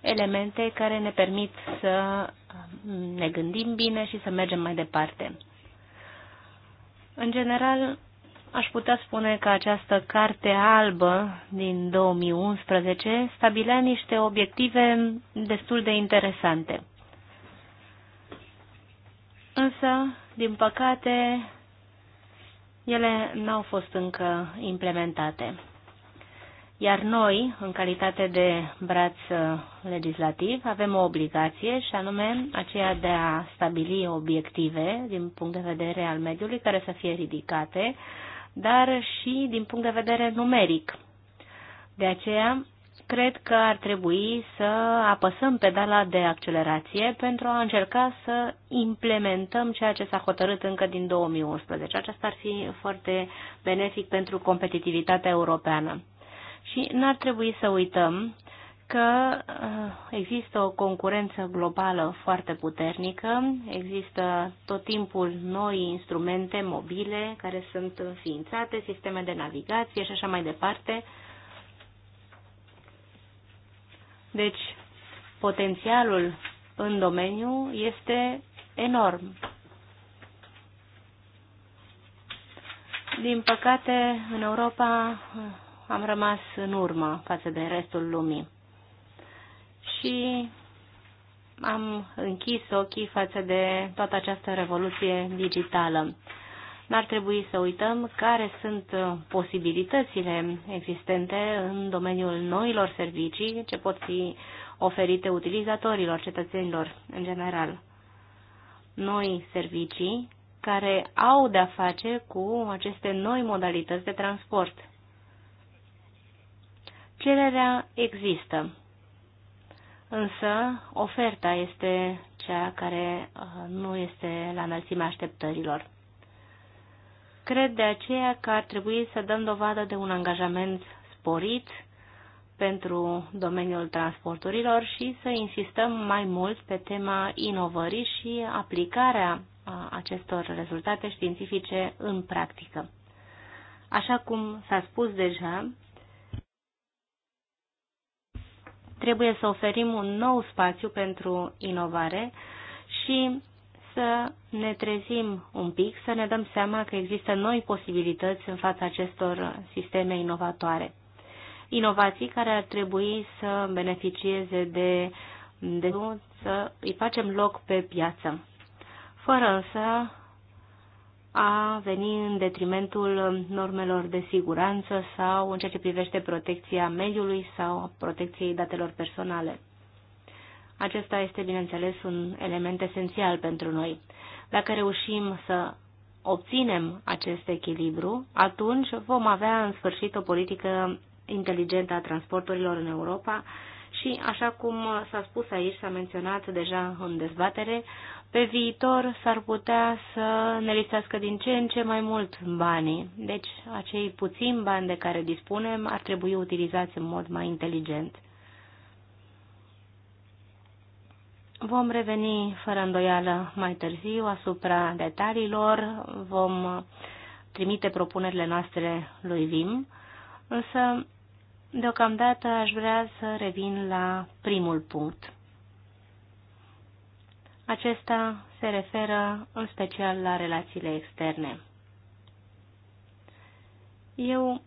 elemente care ne permit să ne gândim bine și să mergem mai departe. În general, aș putea spune că această carte albă din 2011 stabilea niște obiective destul de interesante. Însă, din păcate, ele n-au fost încă implementate. Iar noi, în calitate de braț uh, legislativ, avem o obligație și anume aceea de a stabili obiective din punct de vedere al mediului care să fie ridicate, dar și din punct de vedere numeric. De aceea, cred că ar trebui să apăsăm pedala de accelerație pentru a încerca să implementăm ceea ce s-a hotărât încă din 2011. Aceasta ar fi foarte benefic pentru competitivitatea europeană. Și n-ar trebui să uităm că uh, există o concurență globală foarte puternică, există tot timpul noi instrumente mobile care sunt înființate, sisteme de navigație și așa mai departe. Deci, potențialul în domeniu este enorm. Din păcate, în Europa am rămas în urmă față de restul lumii. Și am închis ochii față de toată această revoluție digitală. N-ar trebui să uităm care sunt posibilitățile existente în domeniul noilor servicii ce pot fi oferite utilizatorilor, cetățenilor în general. Noi servicii care au de-a face cu aceste noi modalități de transport. Cererea există, însă oferta este cea care uh, nu este la înălțimea așteptărilor. Cred de aceea că ar trebui să dăm dovadă de un angajament sporit pentru domeniul transporturilor și să insistăm mai mult pe tema inovării și aplicarea uh, acestor rezultate științifice în practică. Așa cum s-a spus deja, Trebuie să oferim un nou spațiu pentru inovare și să ne trezim un pic, să ne dăm seama că există noi posibilități în fața acestor sisteme inovatoare. Inovații care ar trebui să beneficieze de, de să îi facem loc pe piață. Fără însă a veni în detrimentul normelor de siguranță sau în ceea ce privește protecția mediului sau protecției datelor personale. Acesta este, bineînțeles, un element esențial pentru noi. Dacă reușim să obținem acest echilibru, atunci vom avea în sfârșit o politică inteligentă a transporturilor în Europa și, așa cum s-a spus aici, s-a menționat deja în dezbatere, pe viitor s-ar putea să ne lipsească din ce în ce mai mult banii. Deci, acei puțini bani de care dispunem ar trebui utilizați în mod mai inteligent. Vom reveni fără îndoială mai târziu asupra detaliilor, vom trimite propunerile noastre lui Vim, însă Deocamdată aș vrea să revin la primul punct. Acesta se referă în special la relațiile externe. Eu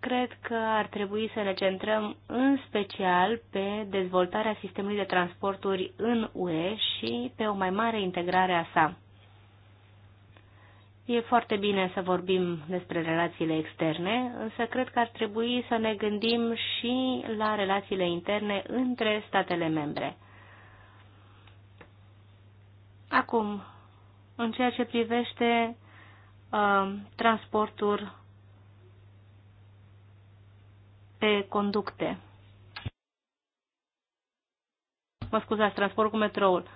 cred că ar trebui să ne centrăm în special pe dezvoltarea sistemului de transporturi în UE și pe o mai mare integrare a sa. E foarte bine să vorbim despre relațiile externe, însă cred că ar trebui să ne gândim și la relațiile interne între statele membre. Acum, în ceea ce privește uh, transportul pe conducte, mă scuzați, transportul cu metroul,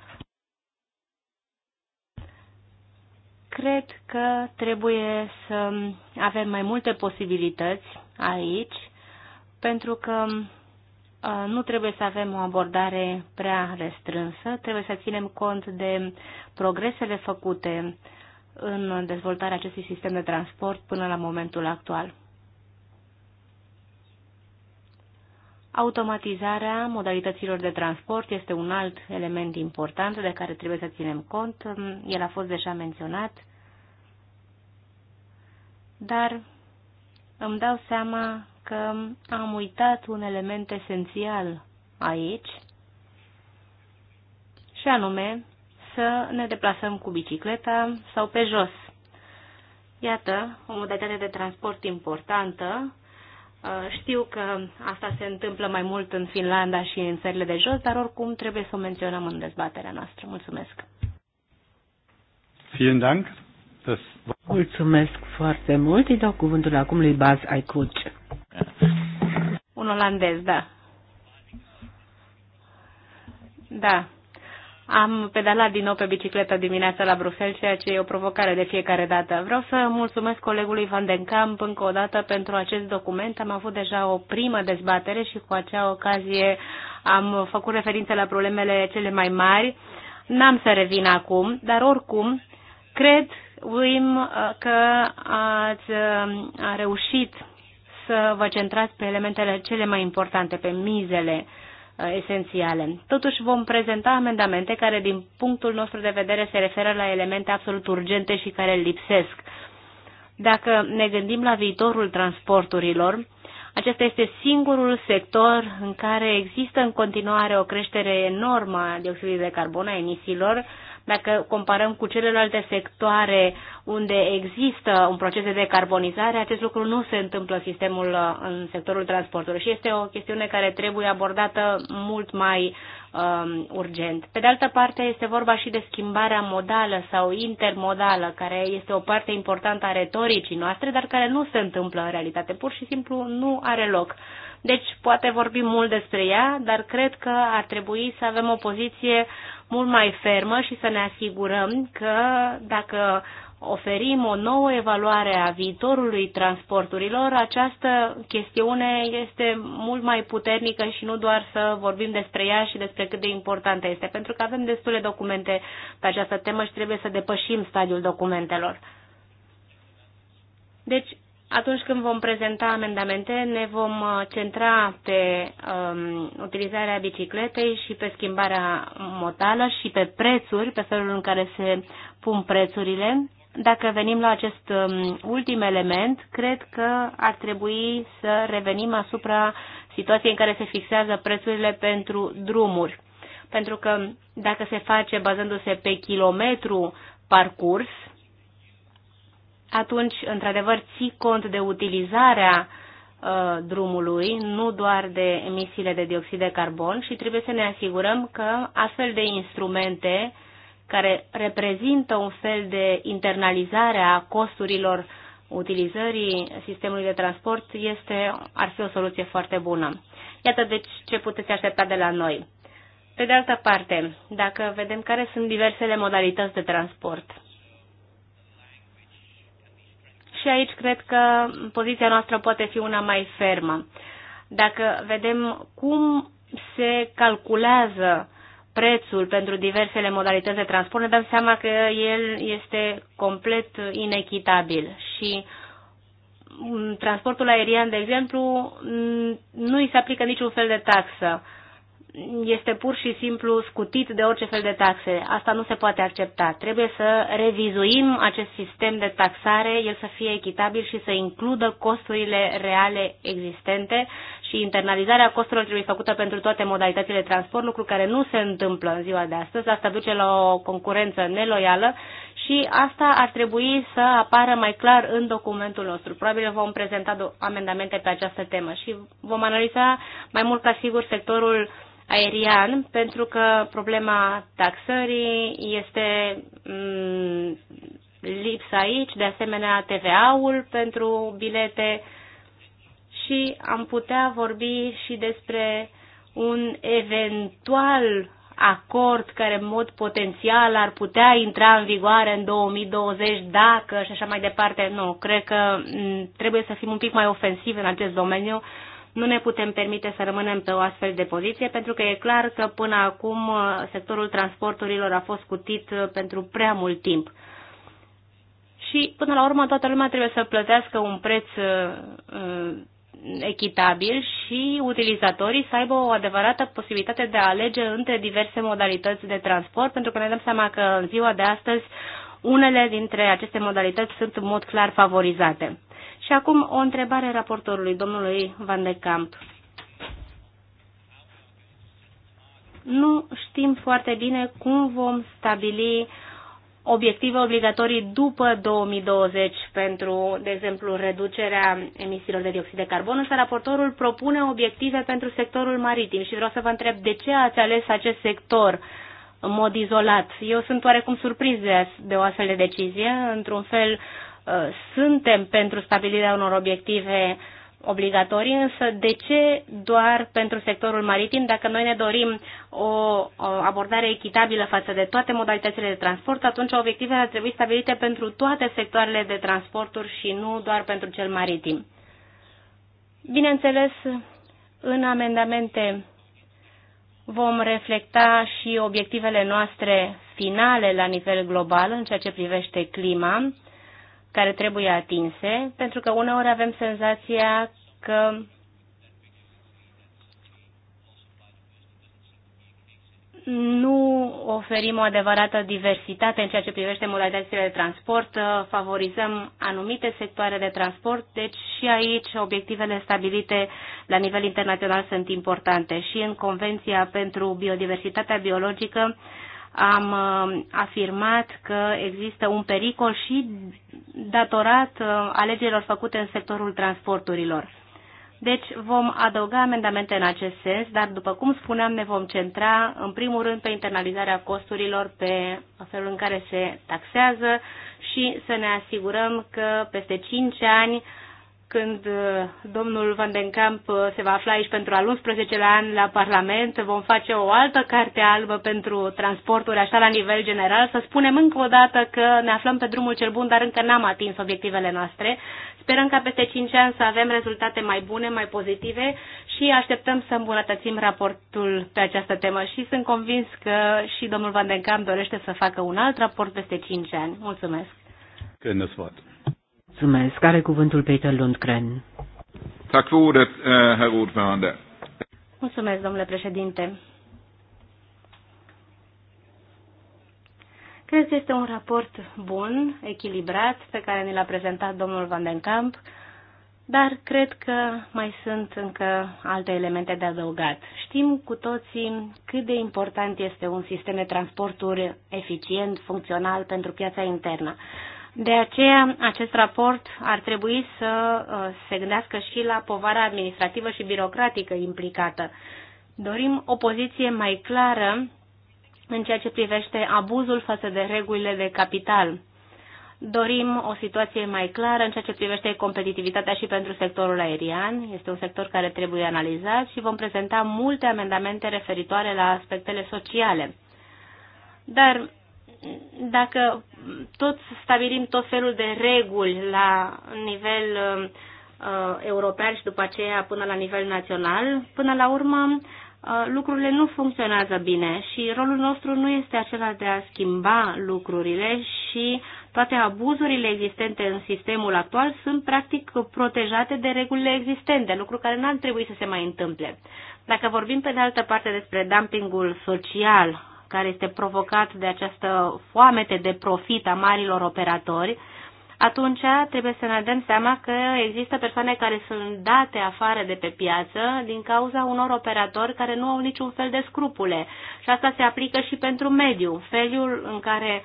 Cred că trebuie să avem mai multe posibilități aici, pentru că uh, nu trebuie să avem o abordare prea restrânsă, trebuie să ținem cont de progresele făcute în dezvoltarea acestui sistem de transport până la momentul actual. Automatizarea modalităților de transport este un alt element important de care trebuie să ținem cont. Mm, el a fost deja menționat dar îmi dau seama că am uitat un element esențial aici, și anume să ne deplasăm cu bicicleta sau pe jos. Iată, o modalitate de transport importantă. Uh, știu că asta se întâmplă mai mult în Finlanda și în țările de jos, dar oricum trebuie să o menționăm în dezbaterea noastră. Mulțumesc! Vielen Dank! Das Mulțumesc foarte mult. Îi dau cuvântul acum lui Baz Aicuc. Un olandez, da. Da. Am pedalat din nou pe bicicletă dimineața la Bruxelles, ceea ce e o provocare de fiecare dată. Vreau să mulțumesc colegului Van den Camp încă o dată pentru acest document. Am avut deja o primă dezbatere și cu acea ocazie am făcut referință la problemele cele mai mari. N-am să revin acum, dar oricum cred uim uh, că ați uh, reușit să vă centrați pe elementele cele mai importante, pe mizele uh, esențiale. Totuși vom prezenta amendamente care, din punctul nostru de vedere, se referă la elemente absolut urgente și care lipsesc. Dacă ne gândim la viitorul transporturilor, acesta este singurul sector în care există în continuare o creștere enormă a dioxidului de carbon, a emisiilor, dacă comparăm cu celelalte sectoare unde există un proces de decarbonizare, acest lucru nu se întâmplă în sistemul uh, în sectorul transportului și este o chestiune care trebuie abordată mult mai um, urgent. Pe de altă parte, este vorba și de schimbarea modală sau intermodală, care este o parte importantă a retoricii noastre, dar care nu se întâmplă în realitate. Pur și simplu nu are loc. Deci poate vorbi mult despre ea, dar cred că ar trebui să avem o poziție mult mai fermă și să ne asigurăm că dacă oferim o nouă evaluare a viitorului transporturilor, această chestiune este mult mai puternică și nu doar să vorbim despre ea și despre cât de importantă este, pentru că avem destule documente pe această temă și trebuie să depășim stadiul documentelor. Deci, atunci când vom prezenta amendamente, ne vom uh, centra pe um, utilizarea bicicletei și pe schimbarea modală și pe prețuri, pe felul în care se pun prețurile. Dacă venim la acest um, ultim element, cred că ar trebui să revenim asupra situației în care se fixează prețurile pentru drumuri. Pentru că dacă se face bazându-se pe kilometru parcurs, atunci, într-adevăr, ții cont de utilizarea uh, drumului, nu doar de emisiile de dioxid de carbon și trebuie să ne asigurăm că astfel de instrumente care reprezintă un fel de internalizare a costurilor utilizării sistemului de transport este, ar fi o soluție foarte bună. Iată deci ce puteți aștepta de la noi. Pe de altă parte, dacă vedem care sunt diversele modalități de transport, și aici cred că poziția noastră poate fi una mai fermă. Dacă vedem cum se calculează prețul pentru diversele modalități de transport, ne dăm seama că el este complet inechitabil și mm, transportul aerian, de exemplu, nu îi se aplică niciun fel de taxă este pur și simplu scutit de orice fel de taxe. Asta nu se poate accepta. Trebuie să revizuim acest sistem de taxare, el să fie echitabil și să includă costurile reale existente și internalizarea costurilor trebuie făcută pentru toate modalitățile de transport, lucru care nu se întâmplă în ziua de astăzi. Asta duce la o concurență neloială și asta ar trebui să apară mai clar în documentul nostru. Probabil vom prezenta amendamente pe această temă și vom analiza mai mult ca sigur sectorul aerian, pentru că problema taxării este mm, lipsă aici, de asemenea TVA-ul pentru bilete și am putea vorbi și despre un eventual acord care în mod potențial ar putea intra în vigoare în 2020 dacă și așa mai departe. Nu, cred că mm, trebuie să fim un pic mai ofensivi în acest domeniu nu ne putem permite să rămânem pe o astfel de poziție, pentru că e clar că până acum uh, sectorul transporturilor a fost cutit uh, pentru prea mult timp. Și până la urmă toată lumea trebuie să plătească un preț uh, echitabil și utilizatorii să aibă o adevărată posibilitate de a alege între diverse modalități de transport, pentru că ne dăm seama că în ziua de astăzi unele dintre aceste modalități sunt în mod clar favorizate. Și acum o întrebare raportorului, domnului Van de Camp. Nu știm foarte bine cum vom stabili obiective obligatorii după 2020 pentru, de exemplu, reducerea emisiilor de dioxid de carbon, însă raportorul propune obiective pentru sectorul maritim și vreau să vă întreb de ce ați ales acest sector în mod izolat. Eu sunt oarecum surprins de, de o astfel de decizie. Într-un fel, Uh, suntem pentru stabilirea unor obiective obligatorii, însă de ce doar pentru sectorul maritim? Dacă noi ne dorim o, abordare echitabilă față de toate modalitățile de transport, atunci obiectivele ar trebui stabilite pentru toate sectoarele de transporturi și nu doar pentru cel maritim. Bineînțeles, în amendamente vom reflecta și obiectivele noastre finale la nivel global în ceea ce privește clima care trebuie atinse, pentru că uneori avem senzația că nu oferim o adevărată diversitate în ceea ce privește modalitățile de transport, favorizăm anumite sectoare de transport, deci și aici obiectivele stabilite la nivel internațional sunt importante și în Convenția pentru Biodiversitatea Biologică am uh, afirmat că există un pericol și datorat uh, alegerilor făcute în sectorul transporturilor. Deci vom adăuga amendamente în acest sens, dar după cum spuneam ne vom centra în primul rând pe internalizarea costurilor, pe felul în care se taxează și să ne asigurăm că peste 5 ani uh, când uh, domnul Van den Camp uh, se va afla aici pentru al 11-lea an la Parlament, vom face o altă carte albă pentru transporturi, așa la nivel general, să spunem încă o dată că ne aflăm pe drumul cel bun, dar încă n-am atins obiectivele noastre. Sperăm ca peste 5 ani să avem rezultate mai bune, mai pozitive și așteptăm să îmbunătățim raportul pe această temă și sunt convins că și domnul Van den Camp dorește să facă un alt raport peste 5 ani. Mulțumesc! Când Mulțumesc. care cuvântul Peter Lundgren. Tack för ordet, eh, herr ordförande. Mulțumesc, domnule președinte. Cred că este un raport bun, echilibrat, pe care ne l-a prezentat domnul Van den Kamp, dar cred că mai sunt încă alte elemente de adăugat. Știm cu toții cât de important este un sistem de transporturi eficient, funcțional pentru piața internă. De aceea, acest raport ar trebui să uh, se gândească și la povara administrativă și birocratică implicată. Dorim o poziție mai clară în ceea ce privește abuzul față de regulile de capital. Dorim o situație mai clară în ceea ce privește competitivitatea și pentru sectorul aerian. Este un sector care trebuie analizat și vom prezenta multe amendamente referitoare la aspectele sociale. Dar dacă tot stabilim tot felul de reguli la nivel um, uh, european și după aceea până la nivel național, până la urmă uh, lucrurile nu funcționează bine și rolul nostru nu este acela de a schimba lucrurile și toate abuzurile existente în sistemul actual sunt practic protejate de regulile existente, lucru care nu ar trebui să se mai întâmple. Dacă vorbim pe de altă parte despre dumpingul social care este provocat de această foamete de profit a marilor operatori, atunci trebuie să ne dăm seama că există persoane care sunt date afară de pe piață din cauza unor operatori care nu au niciun fel de scrupule. Și asta se aplică și pentru mediu. Felul în care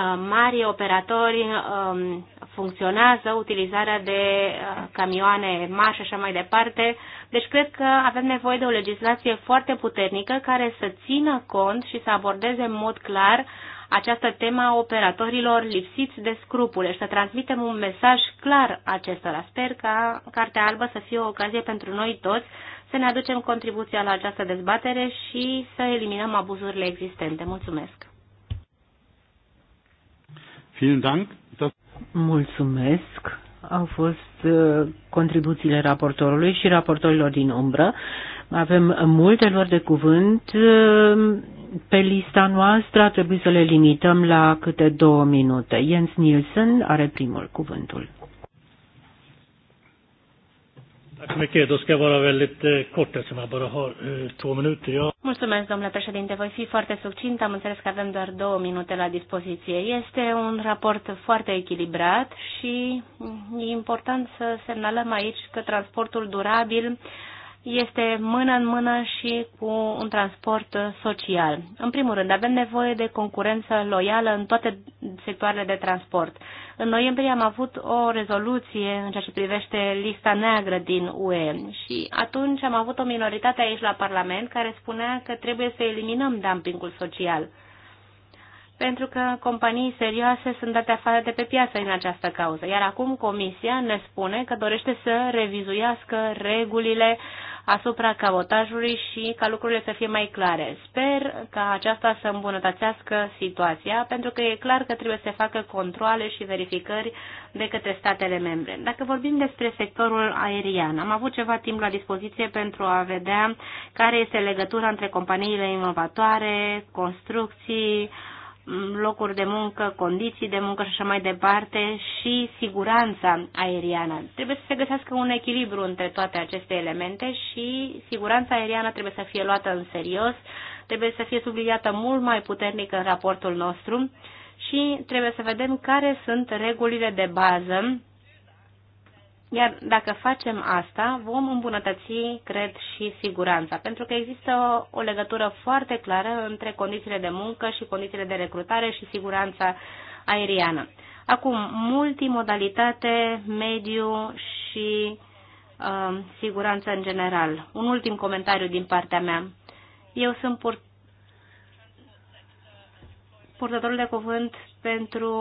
Uh, mari operatori um, funcționează utilizarea de uh, camioane mari și așa mai departe. Deci cred că avem nevoie de o legislație foarte puternică care să țină cont și să abordeze în mod clar această temă a operatorilor lipsiți de scrupule și să transmitem un mesaj clar acestora. Sper ca Cartea Albă să fie o ocazie pentru noi toți să ne aducem contribuția la această dezbatere și să eliminăm abuzurile existente. Mulțumesc! Vielen Dank. Mulțumesc. Au fost uh, contribuțiile raportorului și raportorilor din umbră. Avem multe lor de cuvânt uh, pe lista noastră. Trebuie să le limităm la câte două minute. Jens Nielsen are primul cuvântul. Tack så mycket. Då ska jag vara väldigt eh, kort eftersom jag bara har eh, två minuter. Jag... Mulțumesc, domnule președinte. Voi fi foarte succint. Am înțeles că avem doar două minute la dispoziție. Este un raport foarte echilibrat și e important să semnalăm aici că transportul durabil uh, este mână în mână și cu un transport social. În primul rând, avem nevoie de concurență loială în toate sectoarele de transport. În noiembrie am avut o rezoluție în ceea ce privește lista neagră din UE și atunci am avut o minoritate aici la Parlament care spunea că trebuie să eliminăm dumpingul social pentru că companii serioase sunt date afară de pe piață în această cauză. Iar acum Comisia ne spune că dorește să revizuiască regulile asupra cabotajului și ca lucrurile să fie mai clare. Sper ca aceasta să îmbunătățească situația, pentru că e clar că trebuie să se facă controle și verificări de către statele membre. Dacă vorbim despre sectorul aerian, am avut ceva timp la dispoziție pentru a vedea care este legătura între companiile inovatoare, construcții, locuri de muncă, condiții de muncă și așa mai departe și siguranța aeriană. Trebuie să se găsească un echilibru între toate aceste elemente și siguranța aeriană trebuie să fie luată în serios, trebuie să fie subliniată mult mai puternic în raportul nostru și trebuie să vedem care sunt regulile de bază iar dacă facem asta, vom îmbunătăți, cred, și siguranța, pentru că există o, o legătură foarte clară între condițiile de muncă și condițiile de recrutare și siguranța aeriană. Acum, multimodalitate, mediu și uh, siguranță în general. Un ultim comentariu din partea mea. Eu sunt pur purtătorul de cuvânt pentru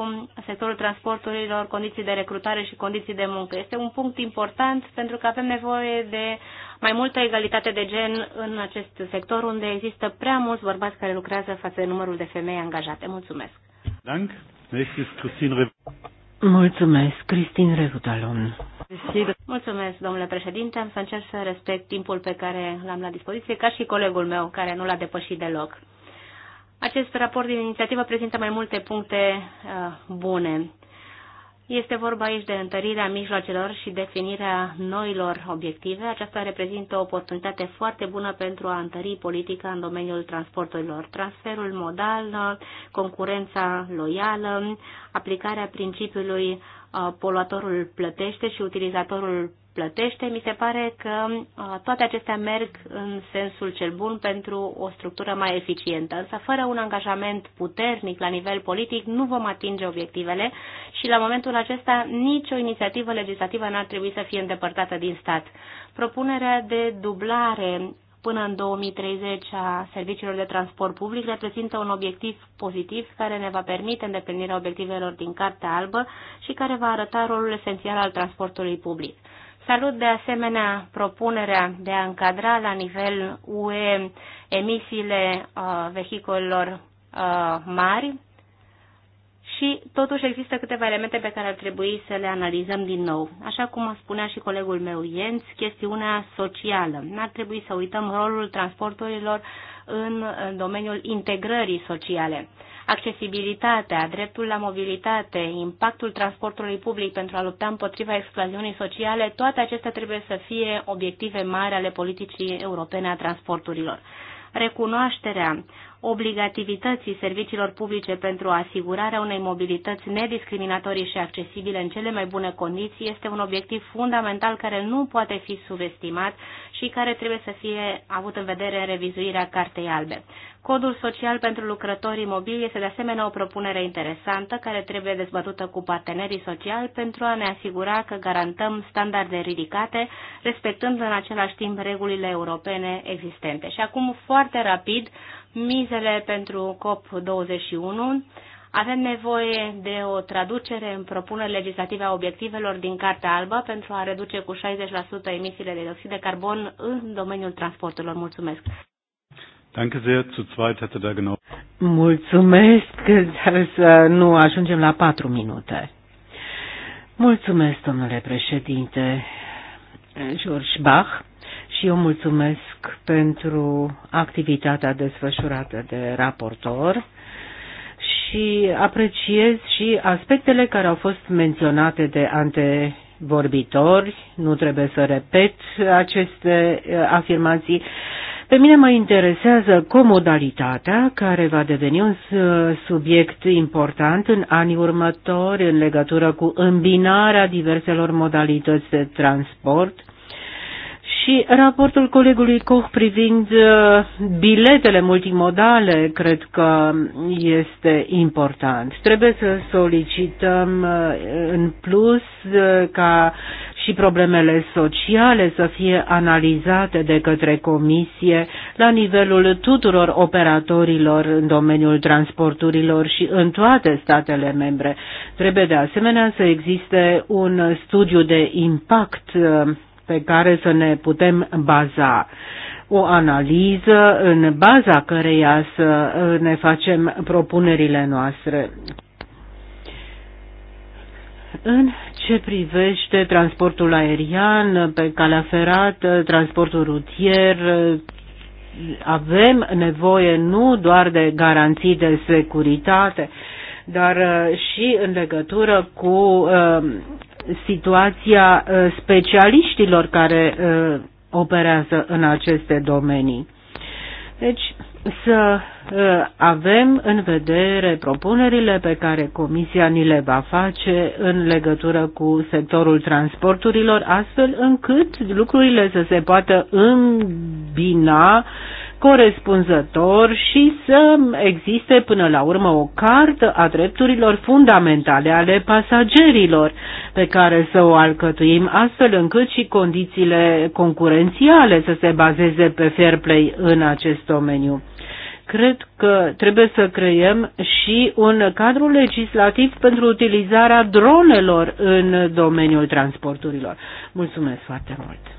sectorul transporturilor, condiții de recrutare și condiții de muncă. Este un punct important pentru că avem nevoie de mai multă egalitate de gen în acest sector, unde există prea mulți bărbați care lucrează față de numărul de femei angajate. Mulțumesc! Dank. Mulțumesc, Cristin Revutalon. Mulțumesc, domnule președinte. Am să încerc să respect timpul pe care l-am la dispoziție, ca și colegul meu, care nu l-a depășit deloc. Acest raport din inițiativă prezintă mai multe puncte uh, bune. Este vorba aici de întărirea mijloacelor și definirea noilor obiective. Aceasta reprezintă o oportunitate foarte bună pentru a întări politica în domeniul transporturilor. Transferul modal, concurența loială, aplicarea principiului uh, poluatorul plătește și utilizatorul plătește, mi se pare că toate acestea merg în sensul cel bun pentru o structură mai eficientă, însă fără un angajament puternic la nivel politic nu vom atinge obiectivele și la momentul acesta nicio inițiativă legislativă n-ar trebui să fie îndepărtată din stat. Propunerea de dublare până în 2030 a serviciilor de transport public reprezintă un obiectiv pozitiv care ne va permite îndeplinirea obiectivelor din Cartea Albă și care va arăta rolul esențial al transportului public. Salut de asemenea propunerea de a încadra la nivel UE emisiile uh, vehiculelor uh, mari și totuși există câteva elemente pe care ar trebui să le analizăm din nou. Așa cum a spunea și colegul meu Jens, chestiunea socială. N-ar trebui să uităm rolul transporturilor în domeniul integrării sociale. Uh, accesibilitatea, dreptul la mobilitate, impactul transportului public pentru a lupta împotriva excluziunii sociale, toate acestea trebuie să fie obiective mari ale politicii europene a transporturilor. Recunoașterea obligativității serviciilor publice pentru asigurarea unei mobilități nediscriminatorii și accesibile în cele mai bune condiții este un obiectiv fundamental care nu poate fi subestimat și care trebuie să fie avut în vedere în revizuirea Cartei Albe. Codul social pentru lucrătorii mobili este de asemenea o propunere interesantă care trebuie dezbătută cu partenerii sociali pentru a ne asigura că garantăm standarde ridicate, respectând în același timp regulile europene existente. Și acum, foarte rapid, mizele pentru COP21. Avem nevoie de o traducere în propunere legislative a obiectivelor din Cartea Albă pentru a reduce cu 60% emisiile de dioxid de carbon în domeniul transporturilor. Mulțumesc! Danke sehr. Zu zweit hätte da genau. Mulțumesc să nu ajungem la patru minute. Mulțumesc, domnule președinte. George Bach și eu mulțumesc pentru activitatea desfășurată de raportor și apreciez și aspectele care au fost menționate de ante vorbitori, nu trebuie să repet aceste uh, afirmații. Pe mine mă interesează comodalitatea, care va deveni un uh, subiect important în anii următori în legătură cu îmbinarea diverselor modalități de transport și raportul colegului Koch privind uh, biletele multimodale cred că este important. Trebuie să solicităm uh, în plus uh, ca și problemele sociale să fie analizate de către comisie la nivelul tuturor operatorilor în domeniul transporturilor și în toate statele membre. Trebuie de asemenea să existe un studiu de impact pe care să ne putem baza o analiză în baza căreia să uh, ne facem propunerile noastre. În ce privește transportul aerian, pe calea ferată, transportul rutier, uh, avem nevoie nu doar de garanții de securitate, dar uh, și în legătură cu situația uh, specialiștilor care uh, operează în aceste domenii. Deci să uh, avem în vedere propunerile pe care Comisia ni le va face în legătură cu sectorul transporturilor, astfel încât lucrurile să se poată îmbina corespunzător și să existe până la urmă o cartă a drepturilor fundamentale ale pasagerilor pe care să o alcătuim astfel încât și condițiile concurențiale să se bazeze pe fair play în acest domeniu cred că trebuie să creăm și un cadru legislativ pentru utilizarea dronelor în domeniul transporturilor. Mulțumesc foarte mult!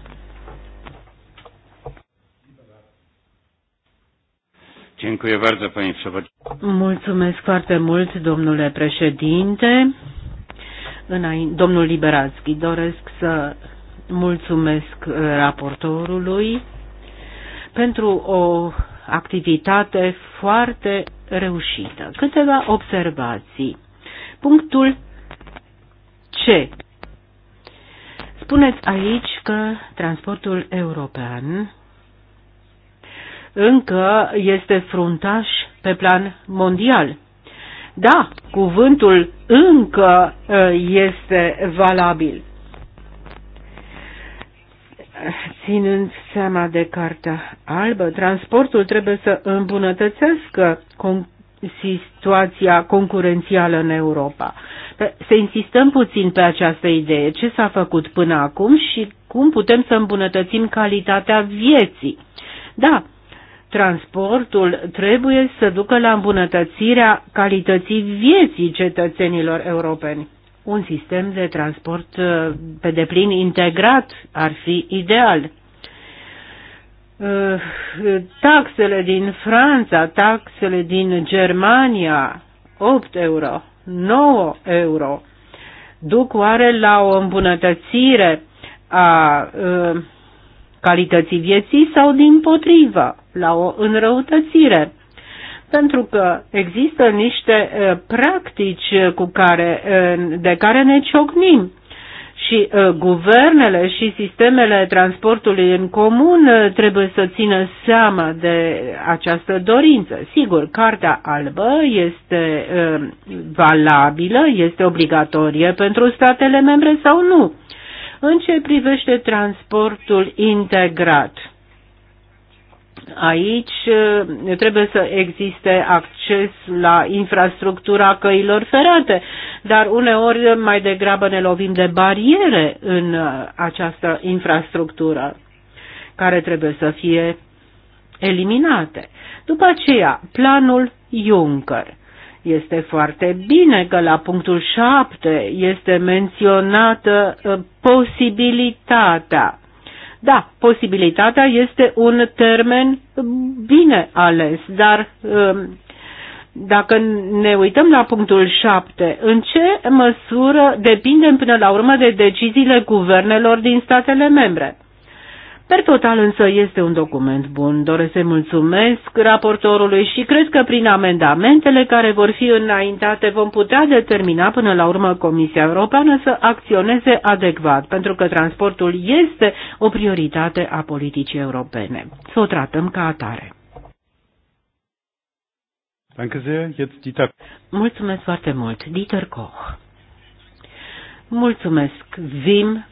Mulțumesc foarte mult, domnule președinte. Domnul Liberațchi. doresc să mulțumesc uh, raportorului pentru o activitate foarte reușită. Câteva observații. Punctul C. Spuneți aici că transportul european încă este fruntaș pe plan mondial. Da, cuvântul încă uh, este valabil. Ținând seama de Cartea Albă, transportul trebuie să îmbunătățească con- situația concurențială în Europa. Să insistăm puțin pe această idee, ce s-a făcut până acum și cum putem să îmbunătățim calitatea vieții. Da, transportul trebuie să ducă la îmbunătățirea calității vieții cetățenilor europeni. Un sistem de transport uh, pe deplin integrat ar fi ideal. Uh, taxele din Franța, taxele din Germania, 8 euro, 9 euro, duc oare la o îmbunătățire a uh, calității vieții sau din potrivă? la o înrăutățire. Pentru că există niște practici cu care, de care ne ciocnim și guvernele și sistemele transportului în comun trebuie să țină seama de această dorință. Sigur, Cartea Albă este valabilă, este obligatorie pentru statele membre sau nu. În ce privește transportul integrat? Aici trebuie să existe acces la infrastructura căilor ferate, dar uneori mai degrabă ne lovim de bariere în această infrastructură care trebuie să fie eliminate. După aceea, planul Juncker. Este foarte bine că la punctul 7 este menționată posibilitatea da, posibilitatea este un termen bine ales, dar um, dacă ne uităm la punctul 7, în ce măsură depindem până la urmă de deciziile guvernelor din statele membre? Per total însă este un document bun. Doresc să mulțumesc raportorului și cred că prin amendamentele care vor fi înaintate vom putea determina până la urmă Comisia Europeană să acționeze adecvat, pentru că transportul este o prioritate a politicii europene. Să o tratăm ca atare. Mulțumesc foarte mult, Dieter Koch. Mulțumesc, Vim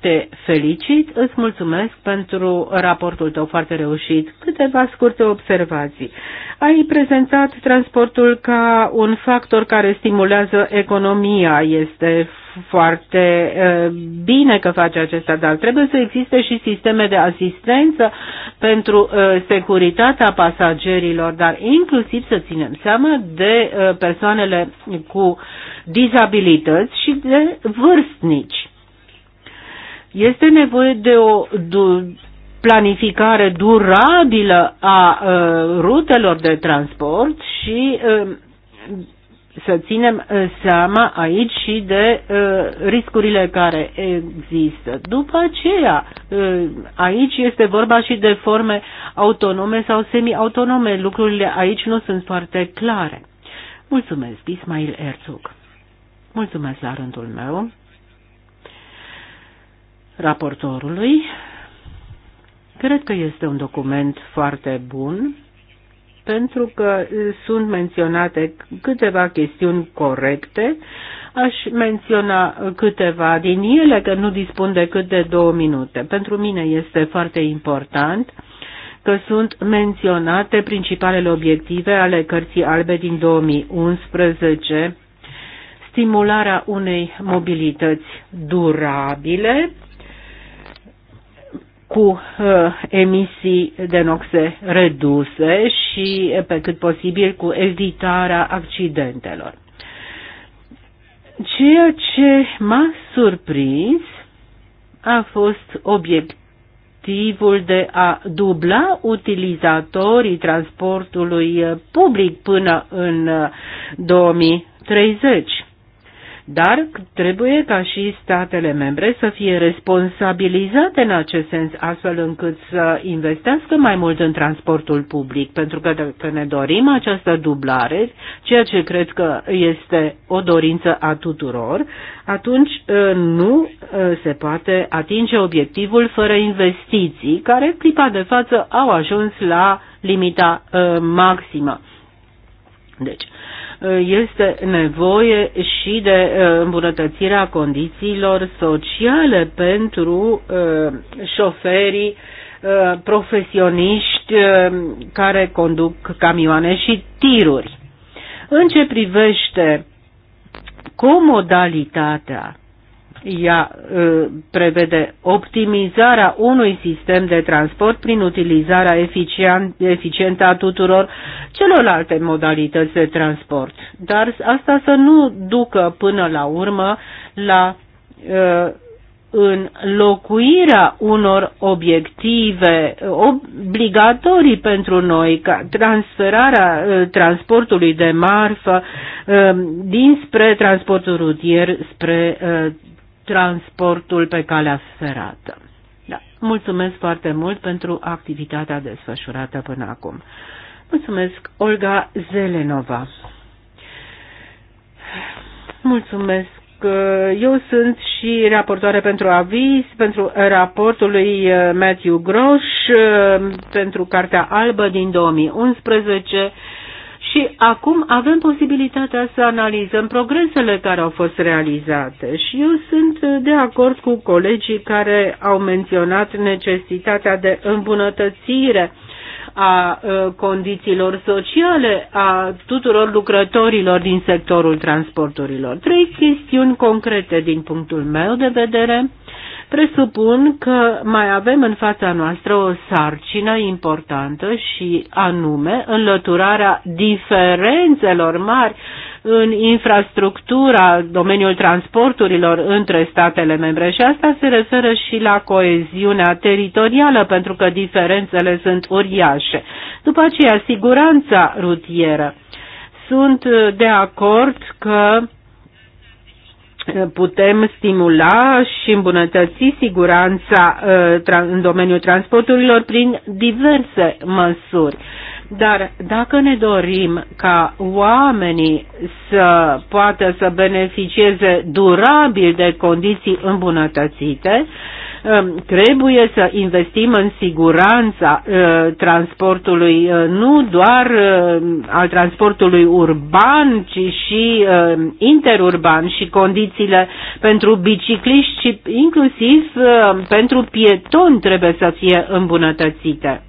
te felicit, îți mulțumesc pentru raportul tău foarte reușit. Câteva scurte observații. Ai prezentat transportul ca un factor care stimulează economia. Este foarte eh, bine că face acesta, dar trebuie să existe și sisteme de asistență pentru eh, securitatea pasagerilor, dar inclusiv să ținem seama de eh, persoanele cu dizabilități și de vârstnici este nevoie de o planificare durabilă a uh, rutelor de transport și um, să ținem uh, seama aici și de uh, riscurile care există. După aceea, uh, aici este vorba și de forme autonome sau semi-autonome. Lucrurile aici nu sunt foarte clare. Mulțumesc, Ismail Erzog. Mulțumesc la rândul meu raportorului. Cred că este un document foarte bun pentru că sunt menționate câteva chestiuni corecte. Aș menționa câteva din ele, că nu dispun decât de două minute. Pentru mine este foarte important că sunt menționate principalele obiective ale cărții albe din 2011, stimularea unei mobilități durabile, cu uh, emisii de noxe reduse și pe cât posibil cu evitarea accidentelor. Ceea ce m-a surprins a fost obiectivul de a dubla utilizatorii transportului public până în 2030. Uh, dar trebuie ca și statele membre să fie responsabilizate în acest sens, astfel încât să investească mai mult în transportul public, pentru că dacă ne dorim această dublare, ceea ce cred că este o dorință a tuturor, atunci ă, nu ă, se poate atinge obiectivul fără investiții, care clipa de față au ajuns la limita ă, maximă. Deci, Eh, este nevoie și de eh, îmbunătățirea condițiilor sociale pentru eh, șoferii profesioniști care conduc camioane și tiruri. În ce privește comodalitatea ea ă, prevede optimizarea unui sistem de transport prin utilizarea eficientă a tuturor celorlalte modalități de transport. Dar asta să nu ducă până la urmă la ă, înlocuirea unor obiective ă, obligatorii pentru noi, ca transferarea transportului de marfă dinspre transportul rutier spre transportul pe calea ferată. Da. Mulțumesc foarte mult pentru activitatea desfășurată până acum. Mulțumesc, Olga Zelenova. Mulțumesc. Eu sunt și raportoare pentru aviz, pentru raportul lui uh, Matthew Grosh, uh, pentru Cartea Albă din 2011 și acum avem posibilitatea să analizăm progresele care au fost realizate și eu sunt de acord cu colegii care au menționat necesitatea de îmbunătățire a uh, condițiilor sociale a tuturor lucrătorilor din sectorul transporturilor. Trei chestiuni concrete din punctul meu de vedere. Presupun că mai avem în fața noastră o sarcină importantă și anume înlăturarea diferențelor mari în infrastructura, domeniul transporturilor între statele membre și asta se referă și la coeziunea teritorială pentru că diferențele sunt uriașe. După aceea, siguranța rutieră. Sunt de acord că putem stimula și îmbunătăți siguranța uh, în domeniul transporturilor prin diverse măsuri. Dar dacă ne dorim ca oamenii să poată să beneficieze durabil de condiții îmbunătățite, Ehm, trebuie să investim în siguranța eh, transportului, eh, nu doar eh, al transportului urban, ci și ehm, interurban și condițiile pentru bicicliști și inclusiv pentru pieton trebuie să fie îmbunătățite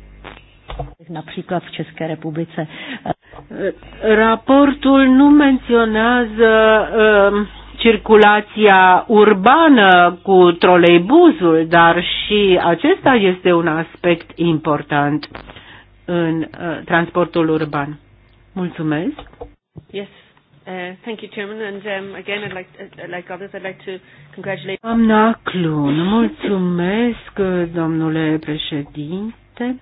Raportul nu menționează uh, circulația urbană cu troleibuzul, dar și acesta este un aspect important în uh, transportul urban. Mulțumesc. Yes. Uh, thank you, Chairman. And um, again, I'd like, uh, like others, I'd like to congratulate. Doamna Clun, mulțumesc, domnule președinte.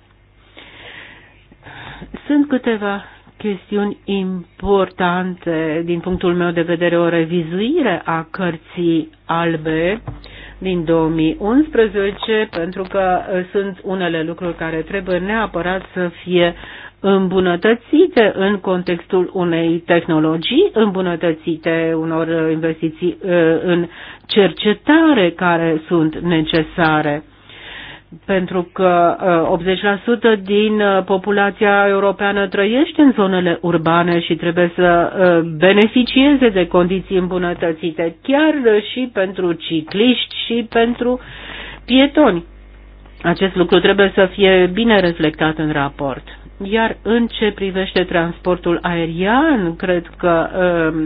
Sunt câteva chestiuni importante din punctul meu de vedere o revizuire a cărții albe din 2011 pentru că uh, sunt unele lucruri care trebuie neapărat să fie îmbunătățite în contextul unei tehnologii, îmbunătățite unor investiții uh, în cercetare care sunt necesare pentru că 80% uh, din uh, populația europeană trăiește în zonele urbane și trebuie să uh, beneficieze de condiții îmbunătățite, chiar și pentru cicliști și pentru pietoni. Acest lucru trebuie să fie bine reflectat în raport. Iar în ce privește transportul aerian, cred că uh,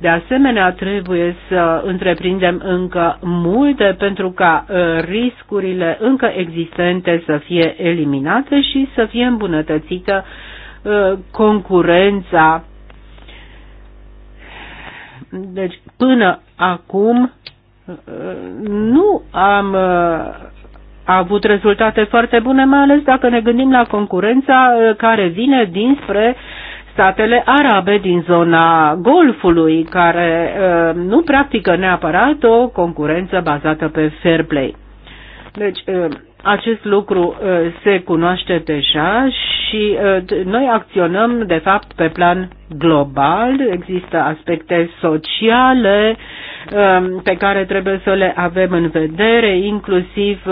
de asemenea, trebuie să întreprindem încă multe pentru ca uh, riscurile încă existente să fie eliminate și să fie îmbunătățită uh, concurența. Deci, până acum uh, nu am a avut rezultate foarte bune, mai ales dacă ne gândim la concurența care vine dinspre statele arabe din zona Golfului, care ă, nu practică neapărat o concurență bazată pe fair play. Deci, ă, acest lucru ă, se cunoaște deja și noi acționăm, de fapt, pe plan global. Există aspecte sociale pe care trebuie să le avem în vedere, inclusiv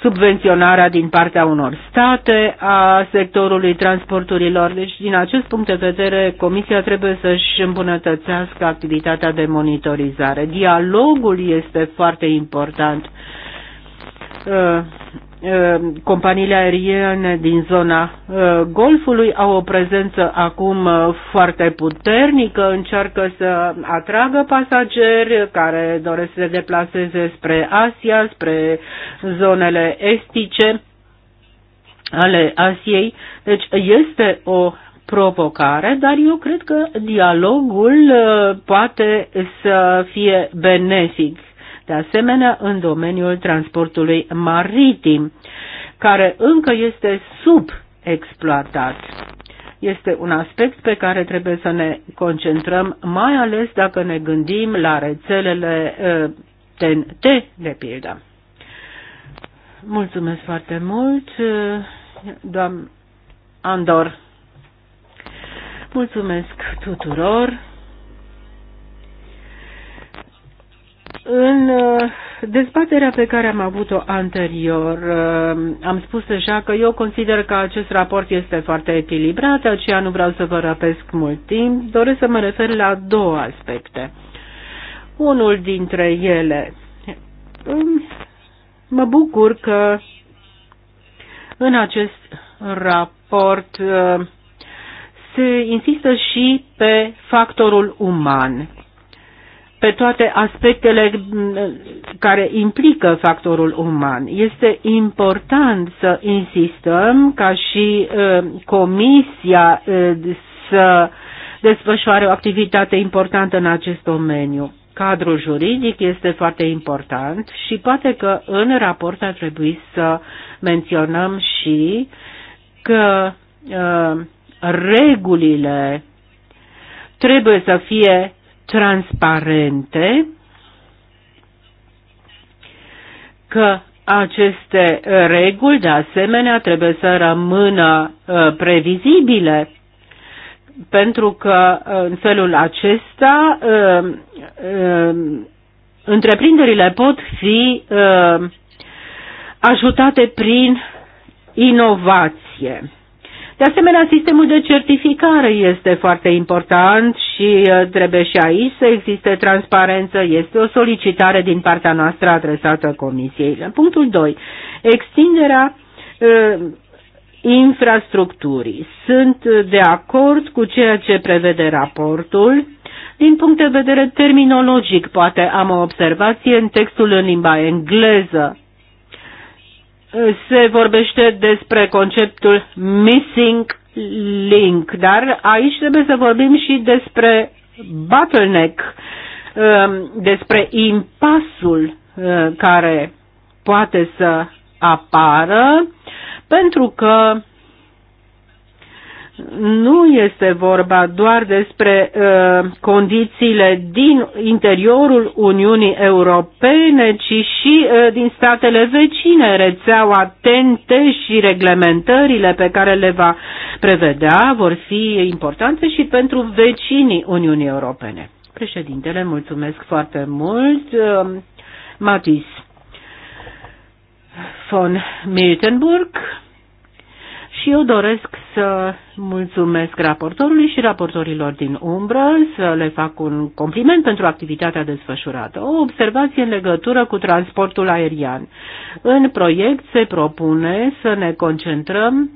subvenționarea din partea unor state a sectorului transporturilor. Deci, din acest punct de vedere, Comisia trebuie să-și îmbunătățească activitatea de monitorizare. Dialogul este foarte important uh, Eh, companiile aeriene din zona eh, Golfului au o prezență acum eh, foarte puternică, încearcă să atragă pasageri care doresc să se deplaseze spre Asia, spre zonele estice ale Asiei. Deci este o provocare, dar eu cred că dialogul poate să fie benefic de asemenea în domeniul transportului maritim, care încă este subexploatat. Este un aspect pe care trebuie să ne concentrăm, mai ales dacă ne gândim la rețelele TNT, ă, de pildă. Mulțumesc foarte mult, ă, doamnă Andor. Mulțumesc tuturor. În uh, dezbaterea pe care am avut-o anterior, uh, am spus deja că eu consider că acest raport este foarte echilibrat, aceea nu vreau să vă răpesc mult timp, doresc să mă refer la două aspecte. Unul dintre ele, mă bucur că în acest raport uh, se insistă și pe factorul uman pe toate aspectele care implică factorul uman. Este important să insistăm ca și comisia să desfășoare o activitate importantă în acest domeniu. Cadrul juridic este foarte important și poate că în raport ar trebui să menționăm și că uh, regulile trebuie să fie transparente, că aceste reguli, de asemenea, trebuie să rămână uh, previzibile, pentru că uh, în felul acesta uh, întreprinderile pot fi ajutate prin inovație. De asemenea, sistemul de certificare este foarte important și uh, trebuie și aici să existe transparență. Este o solicitare din partea noastră adresată Comisiei. Punctul 2. Extinderea uh, infrastructurii. Sunt de acord cu ceea ce prevede raportul. Din punct de vedere terminologic, poate am o observație în textul în limba engleză se vorbește despre conceptul missing link, dar aici trebuie să vorbim și despre bottleneck, um, despre impasul uh, care poate să apară, pentru că nu este vorba doar despre uh, condițiile din interiorul Uniunii Europene, ci și uh, din statele vecine, rețeaua TNT și reglementările pe care le va prevedea vor fi importante și pentru vecinii Uniunii Europene. Președintele, mulțumesc foarte mult. Uh, Matis von Miltenburg. Și eu doresc să mulțumesc raportorului și raportorilor din umbră, să le fac un compliment pentru activitatea desfășurată. O observație în legătură cu transportul aerian. În proiect se propune să ne concentrăm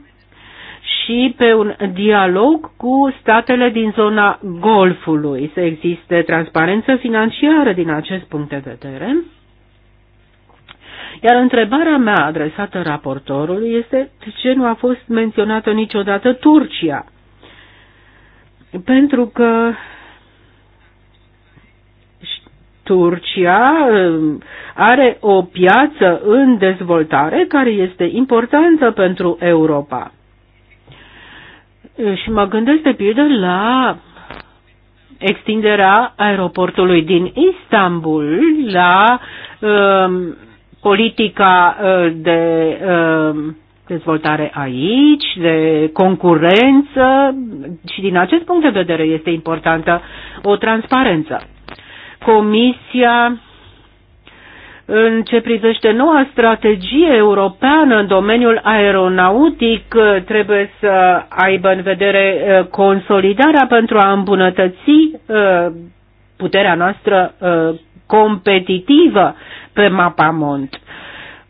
și pe un dialog cu statele din zona Golfului. Să existe transparență financiară din acest punct de vedere iar întrebarea mea adresată raportorului este ce nu a fost menționată niciodată Turcia. Pentru că Turcia um, are o piață în dezvoltare care este importantă pentru Europa. Și mă gândesc de pildă la extinderea aeroportului din Istanbul, la uh, politica uh, de uh, dezvoltare aici, de concurență și din acest punct de vedere este importantă o transparență. Comisia în ce privește noua strategie europeană în domeniul aeronautic, uh, trebuie să aibă în vedere consolidarea pentru a îmbunătăți puterea noastră competitivă pe mapamont.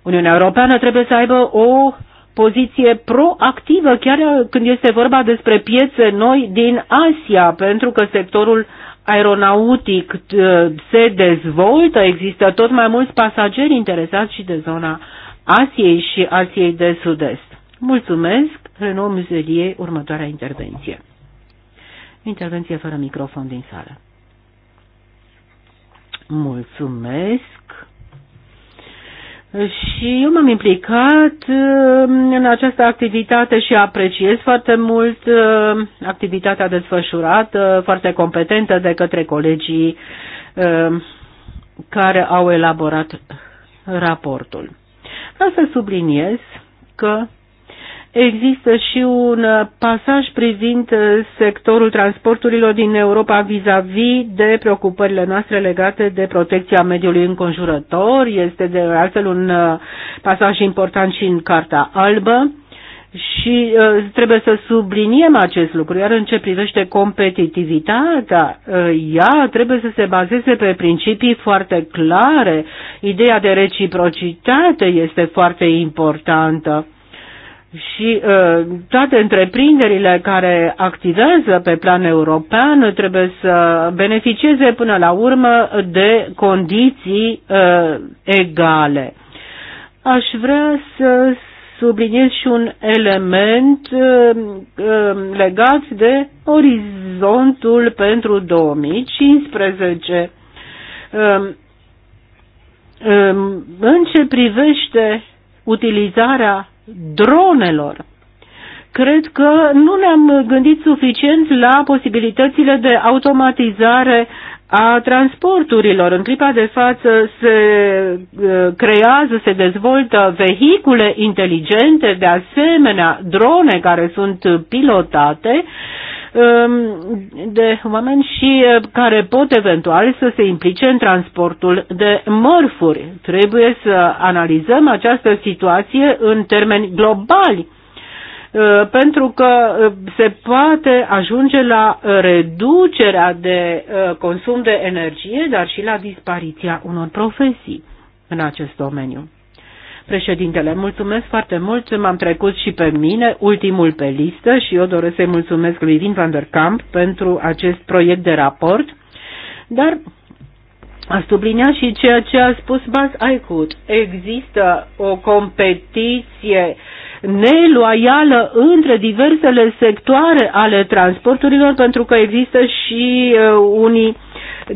Uniunea Europeană trebuie să aibă o poziție proactivă chiar când este vorba despre piețe noi din Asia, pentru că sectorul aeronautic ă, se dezvoltă, există tot mai mulți pasageri interesați și de zona Asiei și Asiei de Sud-Est. Mulțumesc, renom Muzelie, următoarea intervenție. Intervenție fără microfon din sală. Mulțumesc. Și eu m-am implicat um, în această activitate și apreciez foarte mult um, activitatea desfășurată, foarte competentă de către colegii um, care au elaborat raportul. Vreau să subliniez că Există și un uh, pasaj privind uh, sectorul transporturilor din Europa vis-a-vis -vis de preocupările noastre legate de protecția mediului înconjurător. Este de altfel un uh, pasaj important și în Carta Albă. Și uh, trebuie să subliniem acest lucru, iar în ce privește competitivitatea, uh, ea trebuie să se bazeze pe principii foarte clare. Ideea de reciprocitate este foarte importantă și uh, toate întreprinderile care activează pe plan european trebuie să beneficieze până la urmă de condiții uh, egale. Aș vrea să subliniez și un element uh, uh, legat de orizontul pentru 2015. Uh, um, um, în ce privește utilizarea dronelor. Cred că nu ne-am gândit suficient la posibilitățile de automatizare a transporturilor. În clipa de față se uh, creează, se dezvoltă vehicule inteligente, de asemenea drone care sunt pilotate Um, de oameni și uh, care pot eventual să se implice în transportul de mărfuri. Trebuie să analizăm această situație în termeni globali uh, pentru că uh, se poate ajunge la reducerea de consum de energie, dar și la dispariția unor profesii în acest domeniu. Președintele, mulțumesc foarte mult, m-am trecut și pe mine, ultimul pe listă și eu doresc să-i mulțumesc lui Vin van der Kamp pentru acest proiect de raport, dar a sublinea și ceea ce a spus Buzz Aicut. Există o competiție neloială între diversele sectoare ale transporturilor pentru că există și uh, unii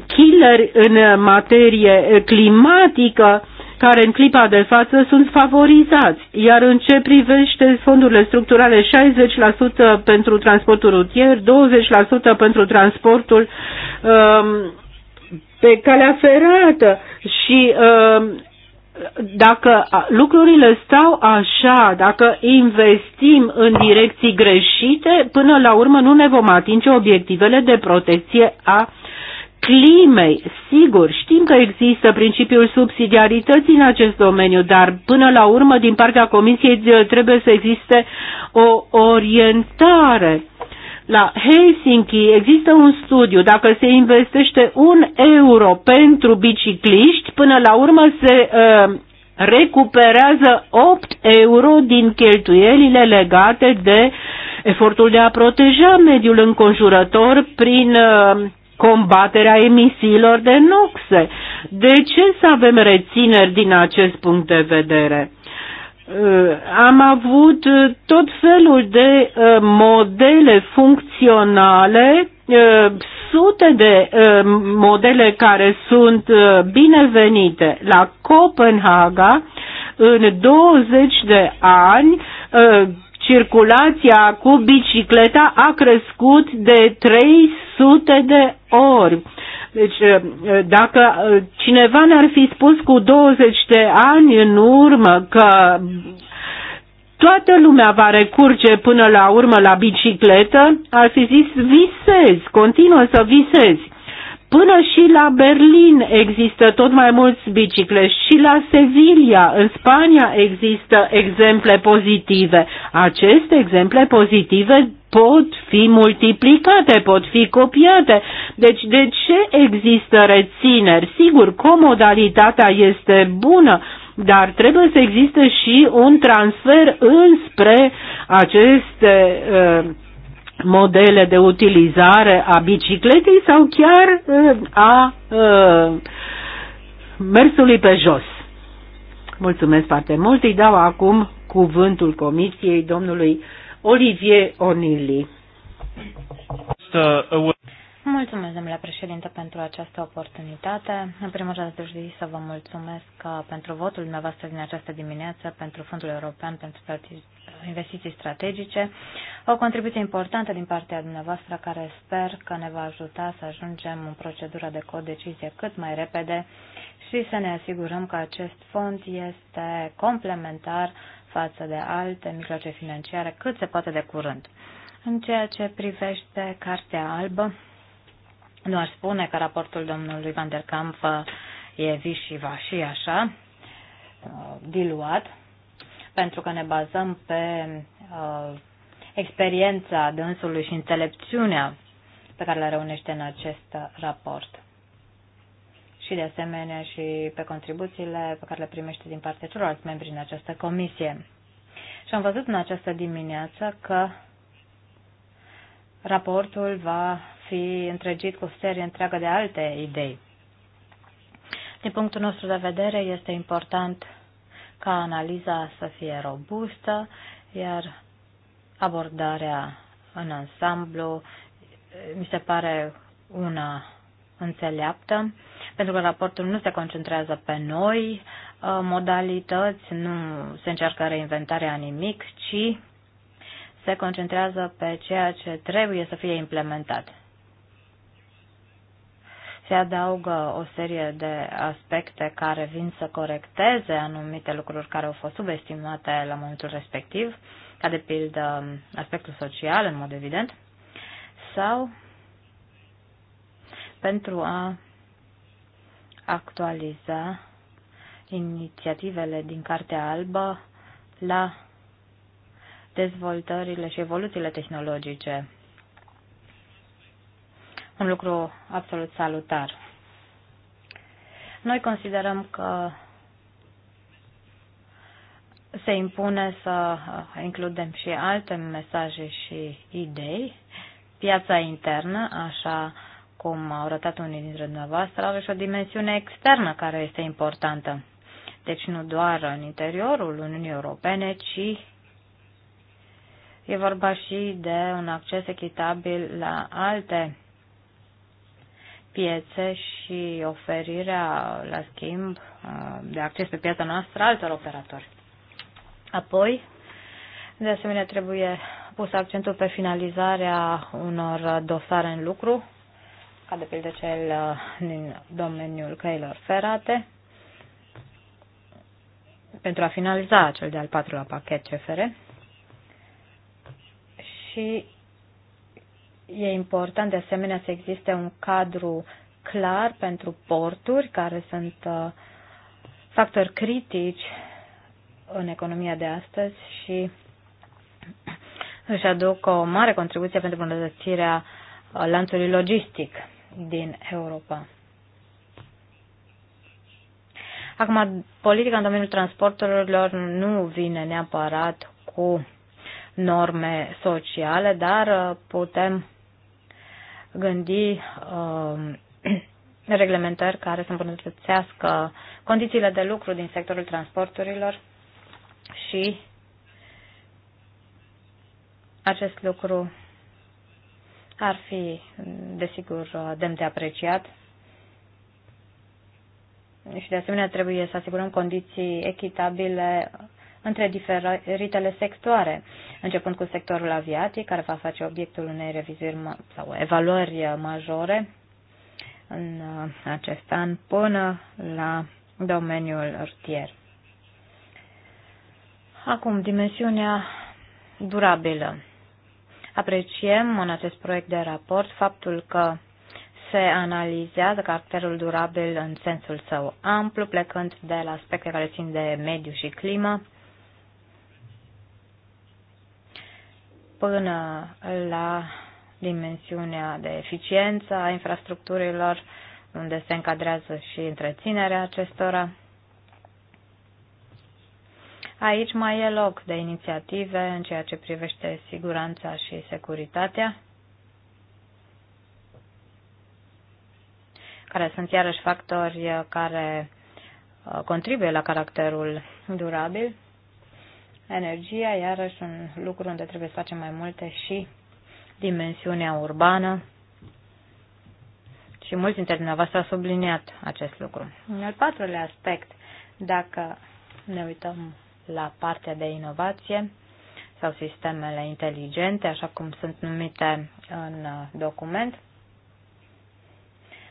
killeri în materie climatică care în clipa de față sunt favorizați, iar în ce privește fondurile structurale 60% pentru transportul rutier, 20% pentru transportul um, pe calea ferată și um, dacă lucrurile stau așa, dacă investim în direcții greșite, până la urmă nu ne vom atinge obiectivele de protecție a climei. Sigur, știm că există principiul subsidiarității în acest domeniu, dar până la urmă, din partea Comisiei, trebuie să existe o orientare. La Helsinki există un studiu, dacă se investește un euro pentru bicicliști, până la urmă se uh, recuperează 8 euro din cheltuielile legate de efortul de a proteja mediul înconjurător prin uh, combaterea emisiilor de noxe. De ce să avem rețineri din acest punct de vedere? Uh, am avut uh, tot felul de uh, modele funcționale, sute de modele care sunt binevenite. La Copenhaga, în 20 de ani, circulația cu bicicleta a crescut de 300 de ori. Deci, eh, dacă eh, cineva ne-ar fi spus cu 20 de ani în urmă că toată lumea va recurge până la urmă la bicicletă, ar fi zis visezi, continuă să visezi. Până și la Berlin există tot mai mulți bicicle și la Sevilla, în Spania, există exemple pozitive. Aceste exemple pozitive pot fi multiplicate, pot fi copiate. Deci de ce există rețineri? Sigur, comodalitatea este bună, dar trebuie să existe și un transfer înspre aceste uh, modele de utilizare a bicicletei sau chiar ă, a ă, mersului pe jos. Mulțumesc foarte mult. Îi dau acum cuvântul comisiei domnului Olivier Onili. Mulțumesc, domnule președinte, pentru această oportunitate. În primul rând, aș dori să vă mulțumesc uh, pentru votul dumneavoastră din această dimineață pentru Fondul European pentru investiții strategice. O contribuție importantă din partea dumneavoastră care sper că ne va ajuta să ajungem în procedura de codecizie cât mai repede și să ne asigurăm că acest fond este complementar față de alte mijloace financiare cât se poate de curând. În ceea ce privește Cartea Albă, nu aș spune că raportul domnului Van der Kampf e vișiva și așa, diluat, pentru că ne bazăm pe uh, experiența dânsului și înțelepciunea pe care le reunește în acest raport. Și de asemenea și pe contribuțiile pe care le primește din partea celorlalți membri în această comisie. Și am văzut în această dimineață că raportul va fi întregit cu o serie întreagă de alte idei. Din punctul nostru de vedere, este important ca analiza să fie robustă, iar abordarea în ansamblu eh, mi se pare una înțeleaptă, pentru că raportul nu se concentrează pe noi eh, modalități, nu se încearcă reinventarea nimic, ci se concentrează pe ceea ce trebuie să fie implementat se adaugă o serie de aspecte care vin să corecteze anumite lucruri care au fost subestimate la momentul respectiv, ca de pildă aspectul social, în mod evident, sau pentru a actualiza inițiativele din Cartea Albă la dezvoltările și evoluțiile tehnologice un lucru absolut salutar. Noi considerăm că se impune să includem și alte mesaje și idei. Piața internă, așa cum au arătat unii dintre dumneavoastră, are și o dimensiune externă care este importantă. Deci nu doar în interiorul Uniunii Europene, ci e vorba și de un acces echitabil la alte piețe și oferirea la schimb uh, de acces pe piața noastră altor operatori. Apoi, de asemenea, trebuie pus accentul pe finalizarea unor dosare în lucru, ca de pildă cel uh, din domeniul căilor ferate, pentru a finaliza cel de-al patrulea pachet CFR și E important de asemenea să existe un cadru clar pentru porturi care sunt uh, factori critici în economia de astăzi și își aduc o mare contribuție pentru îmbunătățirea uh, lanțului logistic din Europa. Acum, politica în domeniul transporturilor nu vine neapărat cu norme sociale, dar uh, putem gândi uh, <clears throat> reglementări care să îmbunătățească condițiile de lucru din sectorul transporturilor și acest lucru ar fi, desigur, demn de apreciat. Și, de asemenea, trebuie să asigurăm condiții echitabile între diferitele sectoare, începând cu sectorul aviatic, care va face obiectul unei reviziri sau evaluări majore în uh, acest an, până la domeniul rutier. Acum, dimensiunea durabilă. Apreciem în acest proiect de raport faptul că se analizează caracterul durabil în sensul său amplu, plecând de la aspecte care țin de mediu și climă, până la dimensiunea de eficiență a infrastructurilor, unde se încadrează și întreținerea acestora. Aici mai e loc de inițiative în ceea ce privește siguranța și securitatea, care sunt iarăși factori care uh, contribuie la caracterul durabil energia, iarăși un lucru unde trebuie să facem mai multe și dimensiunea urbană. Și mulți dintre dumneavoastră au subliniat acest lucru. În al patrulea aspect, dacă ne uităm la partea de inovație sau sistemele inteligente, așa cum sunt numite în document,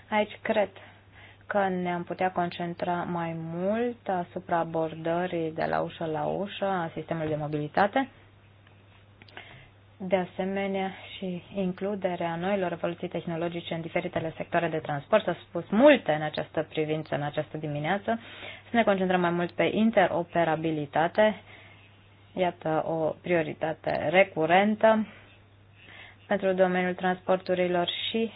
aici cred că ne-am putea concentra mai mult asupra abordării de la ușă la ușă a sistemului de mobilitate, de asemenea și includerea noilor evoluții tehnologice în diferitele sectoare de transport. s a spus multe în această privință, în această dimineață. Să ne concentrăm mai mult pe interoperabilitate, iată o prioritate recurentă pentru domeniul transporturilor și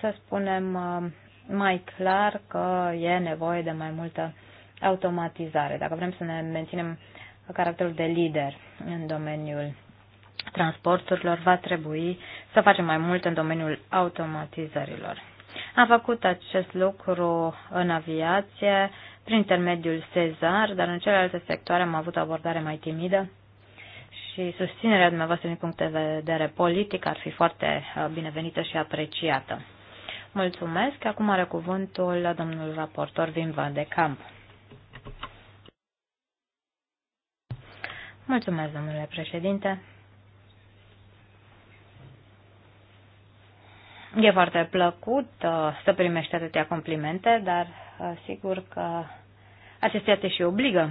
să spunem uh, mai clar că e nevoie de mai multă automatizare, dacă vrem să ne menținem caracterul de lider în domeniul transporturilor, va trebui să facem mai mult în domeniul automatizărilor. Am făcut acest lucru în aviație, prin intermediul Cezar, dar în celelalte sectoare am avut o abordare mai timidă și susținerea dumneavoastră din punct de vedere politic ar fi foarte uh, binevenită și apreciată. Mulțumesc. Acum are cuvântul domnul raportor Vim Van de Camp. Mulțumesc, domnule președinte. E foarte plăcut uh, să primești atâtea complimente, dar uh, sigur că acestea te și obligă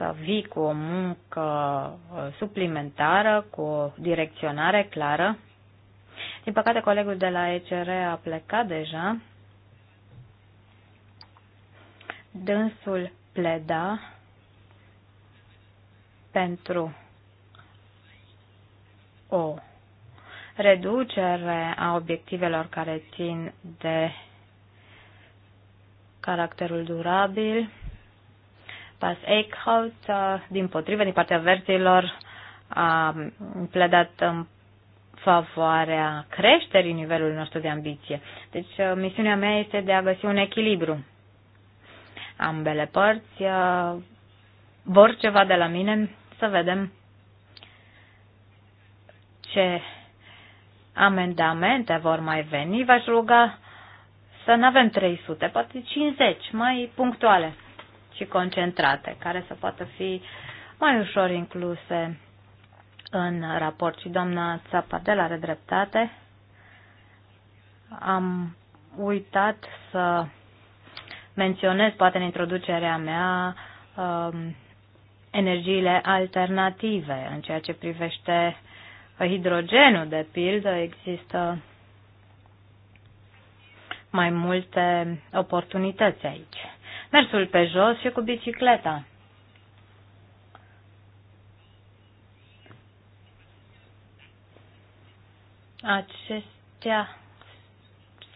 să vii cu o muncă uh, suplimentară, cu o direcționare clară. Din păcate, colegul de la ECR a plecat deja. Dânsul pleda pentru o reducere a obiectivelor care țin de caracterul durabil, Pas Eichhout, uh, din potrivă, din partea verzilor, a pledat în favoarea creșterii nivelului nostru de ambiție. Deci, uh, misiunea mea este de a găsi un echilibru. Ambele părți uh, vor ceva de la mine, să vedem ce amendamente vor mai veni. V-aș ruga să nu avem 300, poate 50, mai punctuale și concentrate, care să poată fi mai ușor incluse în raport. Și doamna Țapadel are dreptate. Am uitat să menționez, poate în introducerea mea, um, energiile alternative. În ceea ce privește hidrogenul, de pildă, există mai multe oportunități aici mersul pe jos și cu bicicleta. Acestea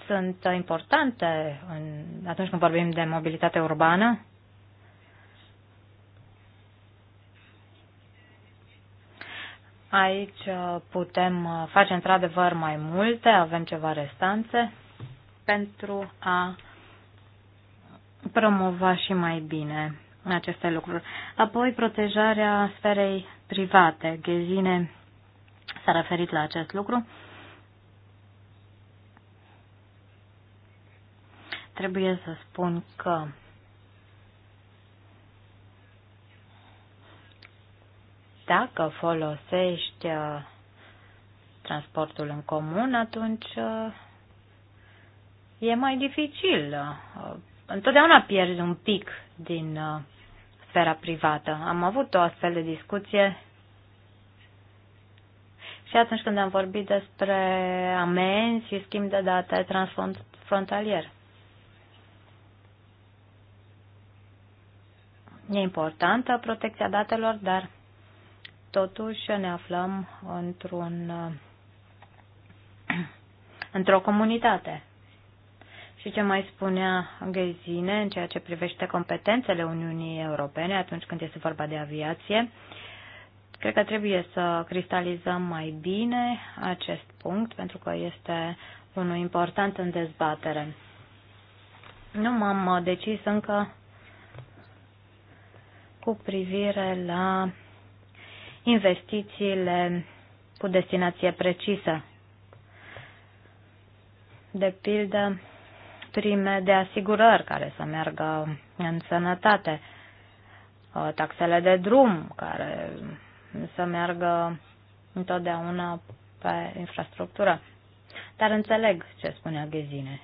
sunt importante în, atunci când vorbim de mobilitate urbană. Aici uh, putem uh, face într-adevăr mai multe, avem ceva restanțe pentru a promova și mai bine aceste lucruri. Apoi, protejarea sferei private. Ghezine s-a referit la acest lucru. Trebuie să spun că dacă folosești uh, transportul în comun, atunci uh, e mai dificil uh, întotdeauna pierzi un pic din uh, sfera privată. Am avut o astfel de discuție și atunci când am vorbit despre amenzi și schimb de date transfrontalier. E importantă protecția datelor, dar totuși ne aflăm într-un uh, <clears throat> într-o comunitate. Și ce mai spunea Găzine în ceea ce privește competențele Uniunii Europene atunci când este vorba de aviație, cred că trebuie să cristalizăm mai bine acest punct pentru că este unul important în dezbatere. Nu m-am decis încă cu privire la investițiile cu destinație precisă. De pildă, prime de asigurări care să meargă în sănătate, uh, taxele de drum care să meargă întotdeauna pe infrastructură. Dar înțeleg ce spunea Ghezine.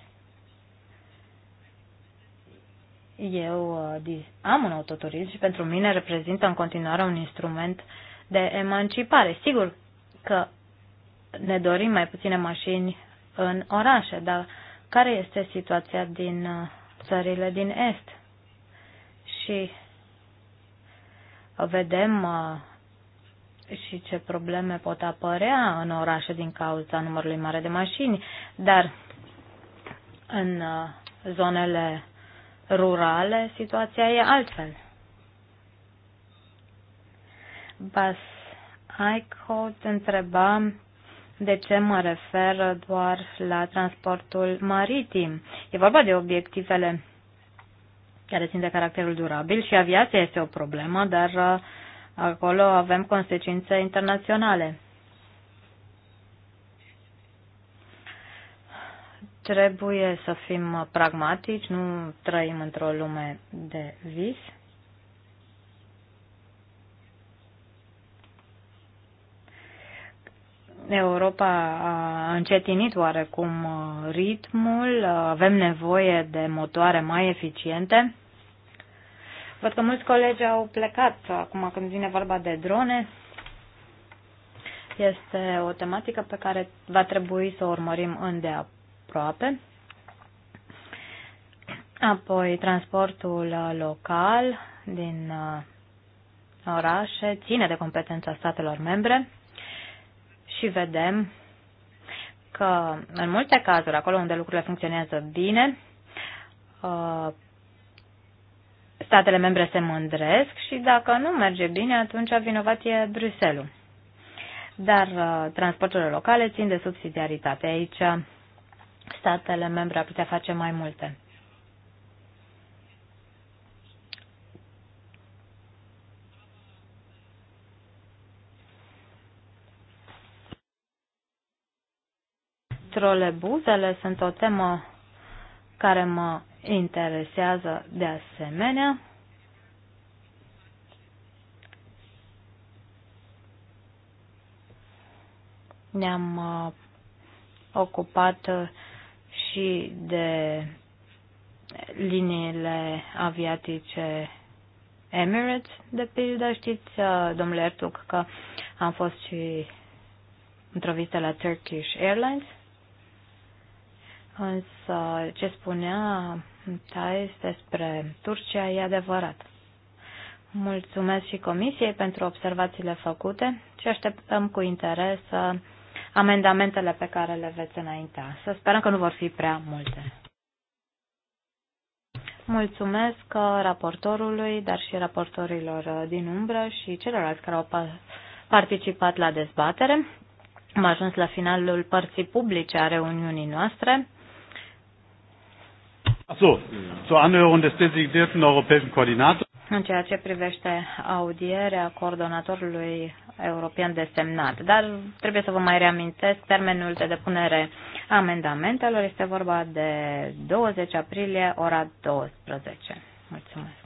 Eu uh, am un autoturism și pentru mine reprezintă în continuare un instrument de emancipare. Sigur că ne dorim mai puține mașini în orașe, dar care este situația din uh, țările din Est. Și vedem uh, și ce probleme pot apărea în orașe din cauza numărului mare de mașini, dar în uh, zonele rurale situația e altfel. Bas Aicot întreba de ce mă refer doar la transportul maritim? E vorba de obiectivele care țin de caracterul durabil și aviația este o problemă, dar uh, acolo avem consecințe internaționale. Trebuie să fim pragmatici, nu trăim într-o lume de vis. Europa a încetinit oarecum uh, ritmul, uh, avem nevoie de motoare mai eficiente. Văd că mulți colegi au plecat acum când vine vorba de drone. Este o tematică pe care va trebui să o urmărim îndeaproape. Apoi transportul uh, local din orașe ține de competența statelor membre și vedem că în multe cazuri, acolo unde lucrurile funcționează bine, uh, statele membre se mândresc și dacă nu merge bine, atunci vinovat e Bruxelles. Dar uh, transporturile locale țin de subsidiaritate. Aici statele membre ar putea face mai multe. Trolebuzele sunt o temă care mă interesează de asemenea. Ne-am uh, ocupat uh, și de liniile aviatice Emirates, de pildă. Știți, uh, domnule Ertug, că am fost și într-o vizită la Turkish Airlines Însă ce spunea Thais despre Turcia e adevărat. Mulțumesc și Comisiei pentru observațiile făcute și așteptăm cu interes uh, amendamentele pe care le veți înainta. Să sperăm că nu vor fi prea multe. Mulțumesc uh, raportorului, dar și raportorilor uh, din umbră și celorlalți care au participat la dezbatere. Am ajuns la finalul părții publice a reuniunii noastre. Achso, zur Anhörung des designierten europäischen Koordinators. În ceea ce privește audierea coordonatorului european desemnat. Dar trebuie să vă mai reamintesc termenul de depunere a amendamentelor. Este vorba de 20 aprilie, ora 12. Mulțumesc.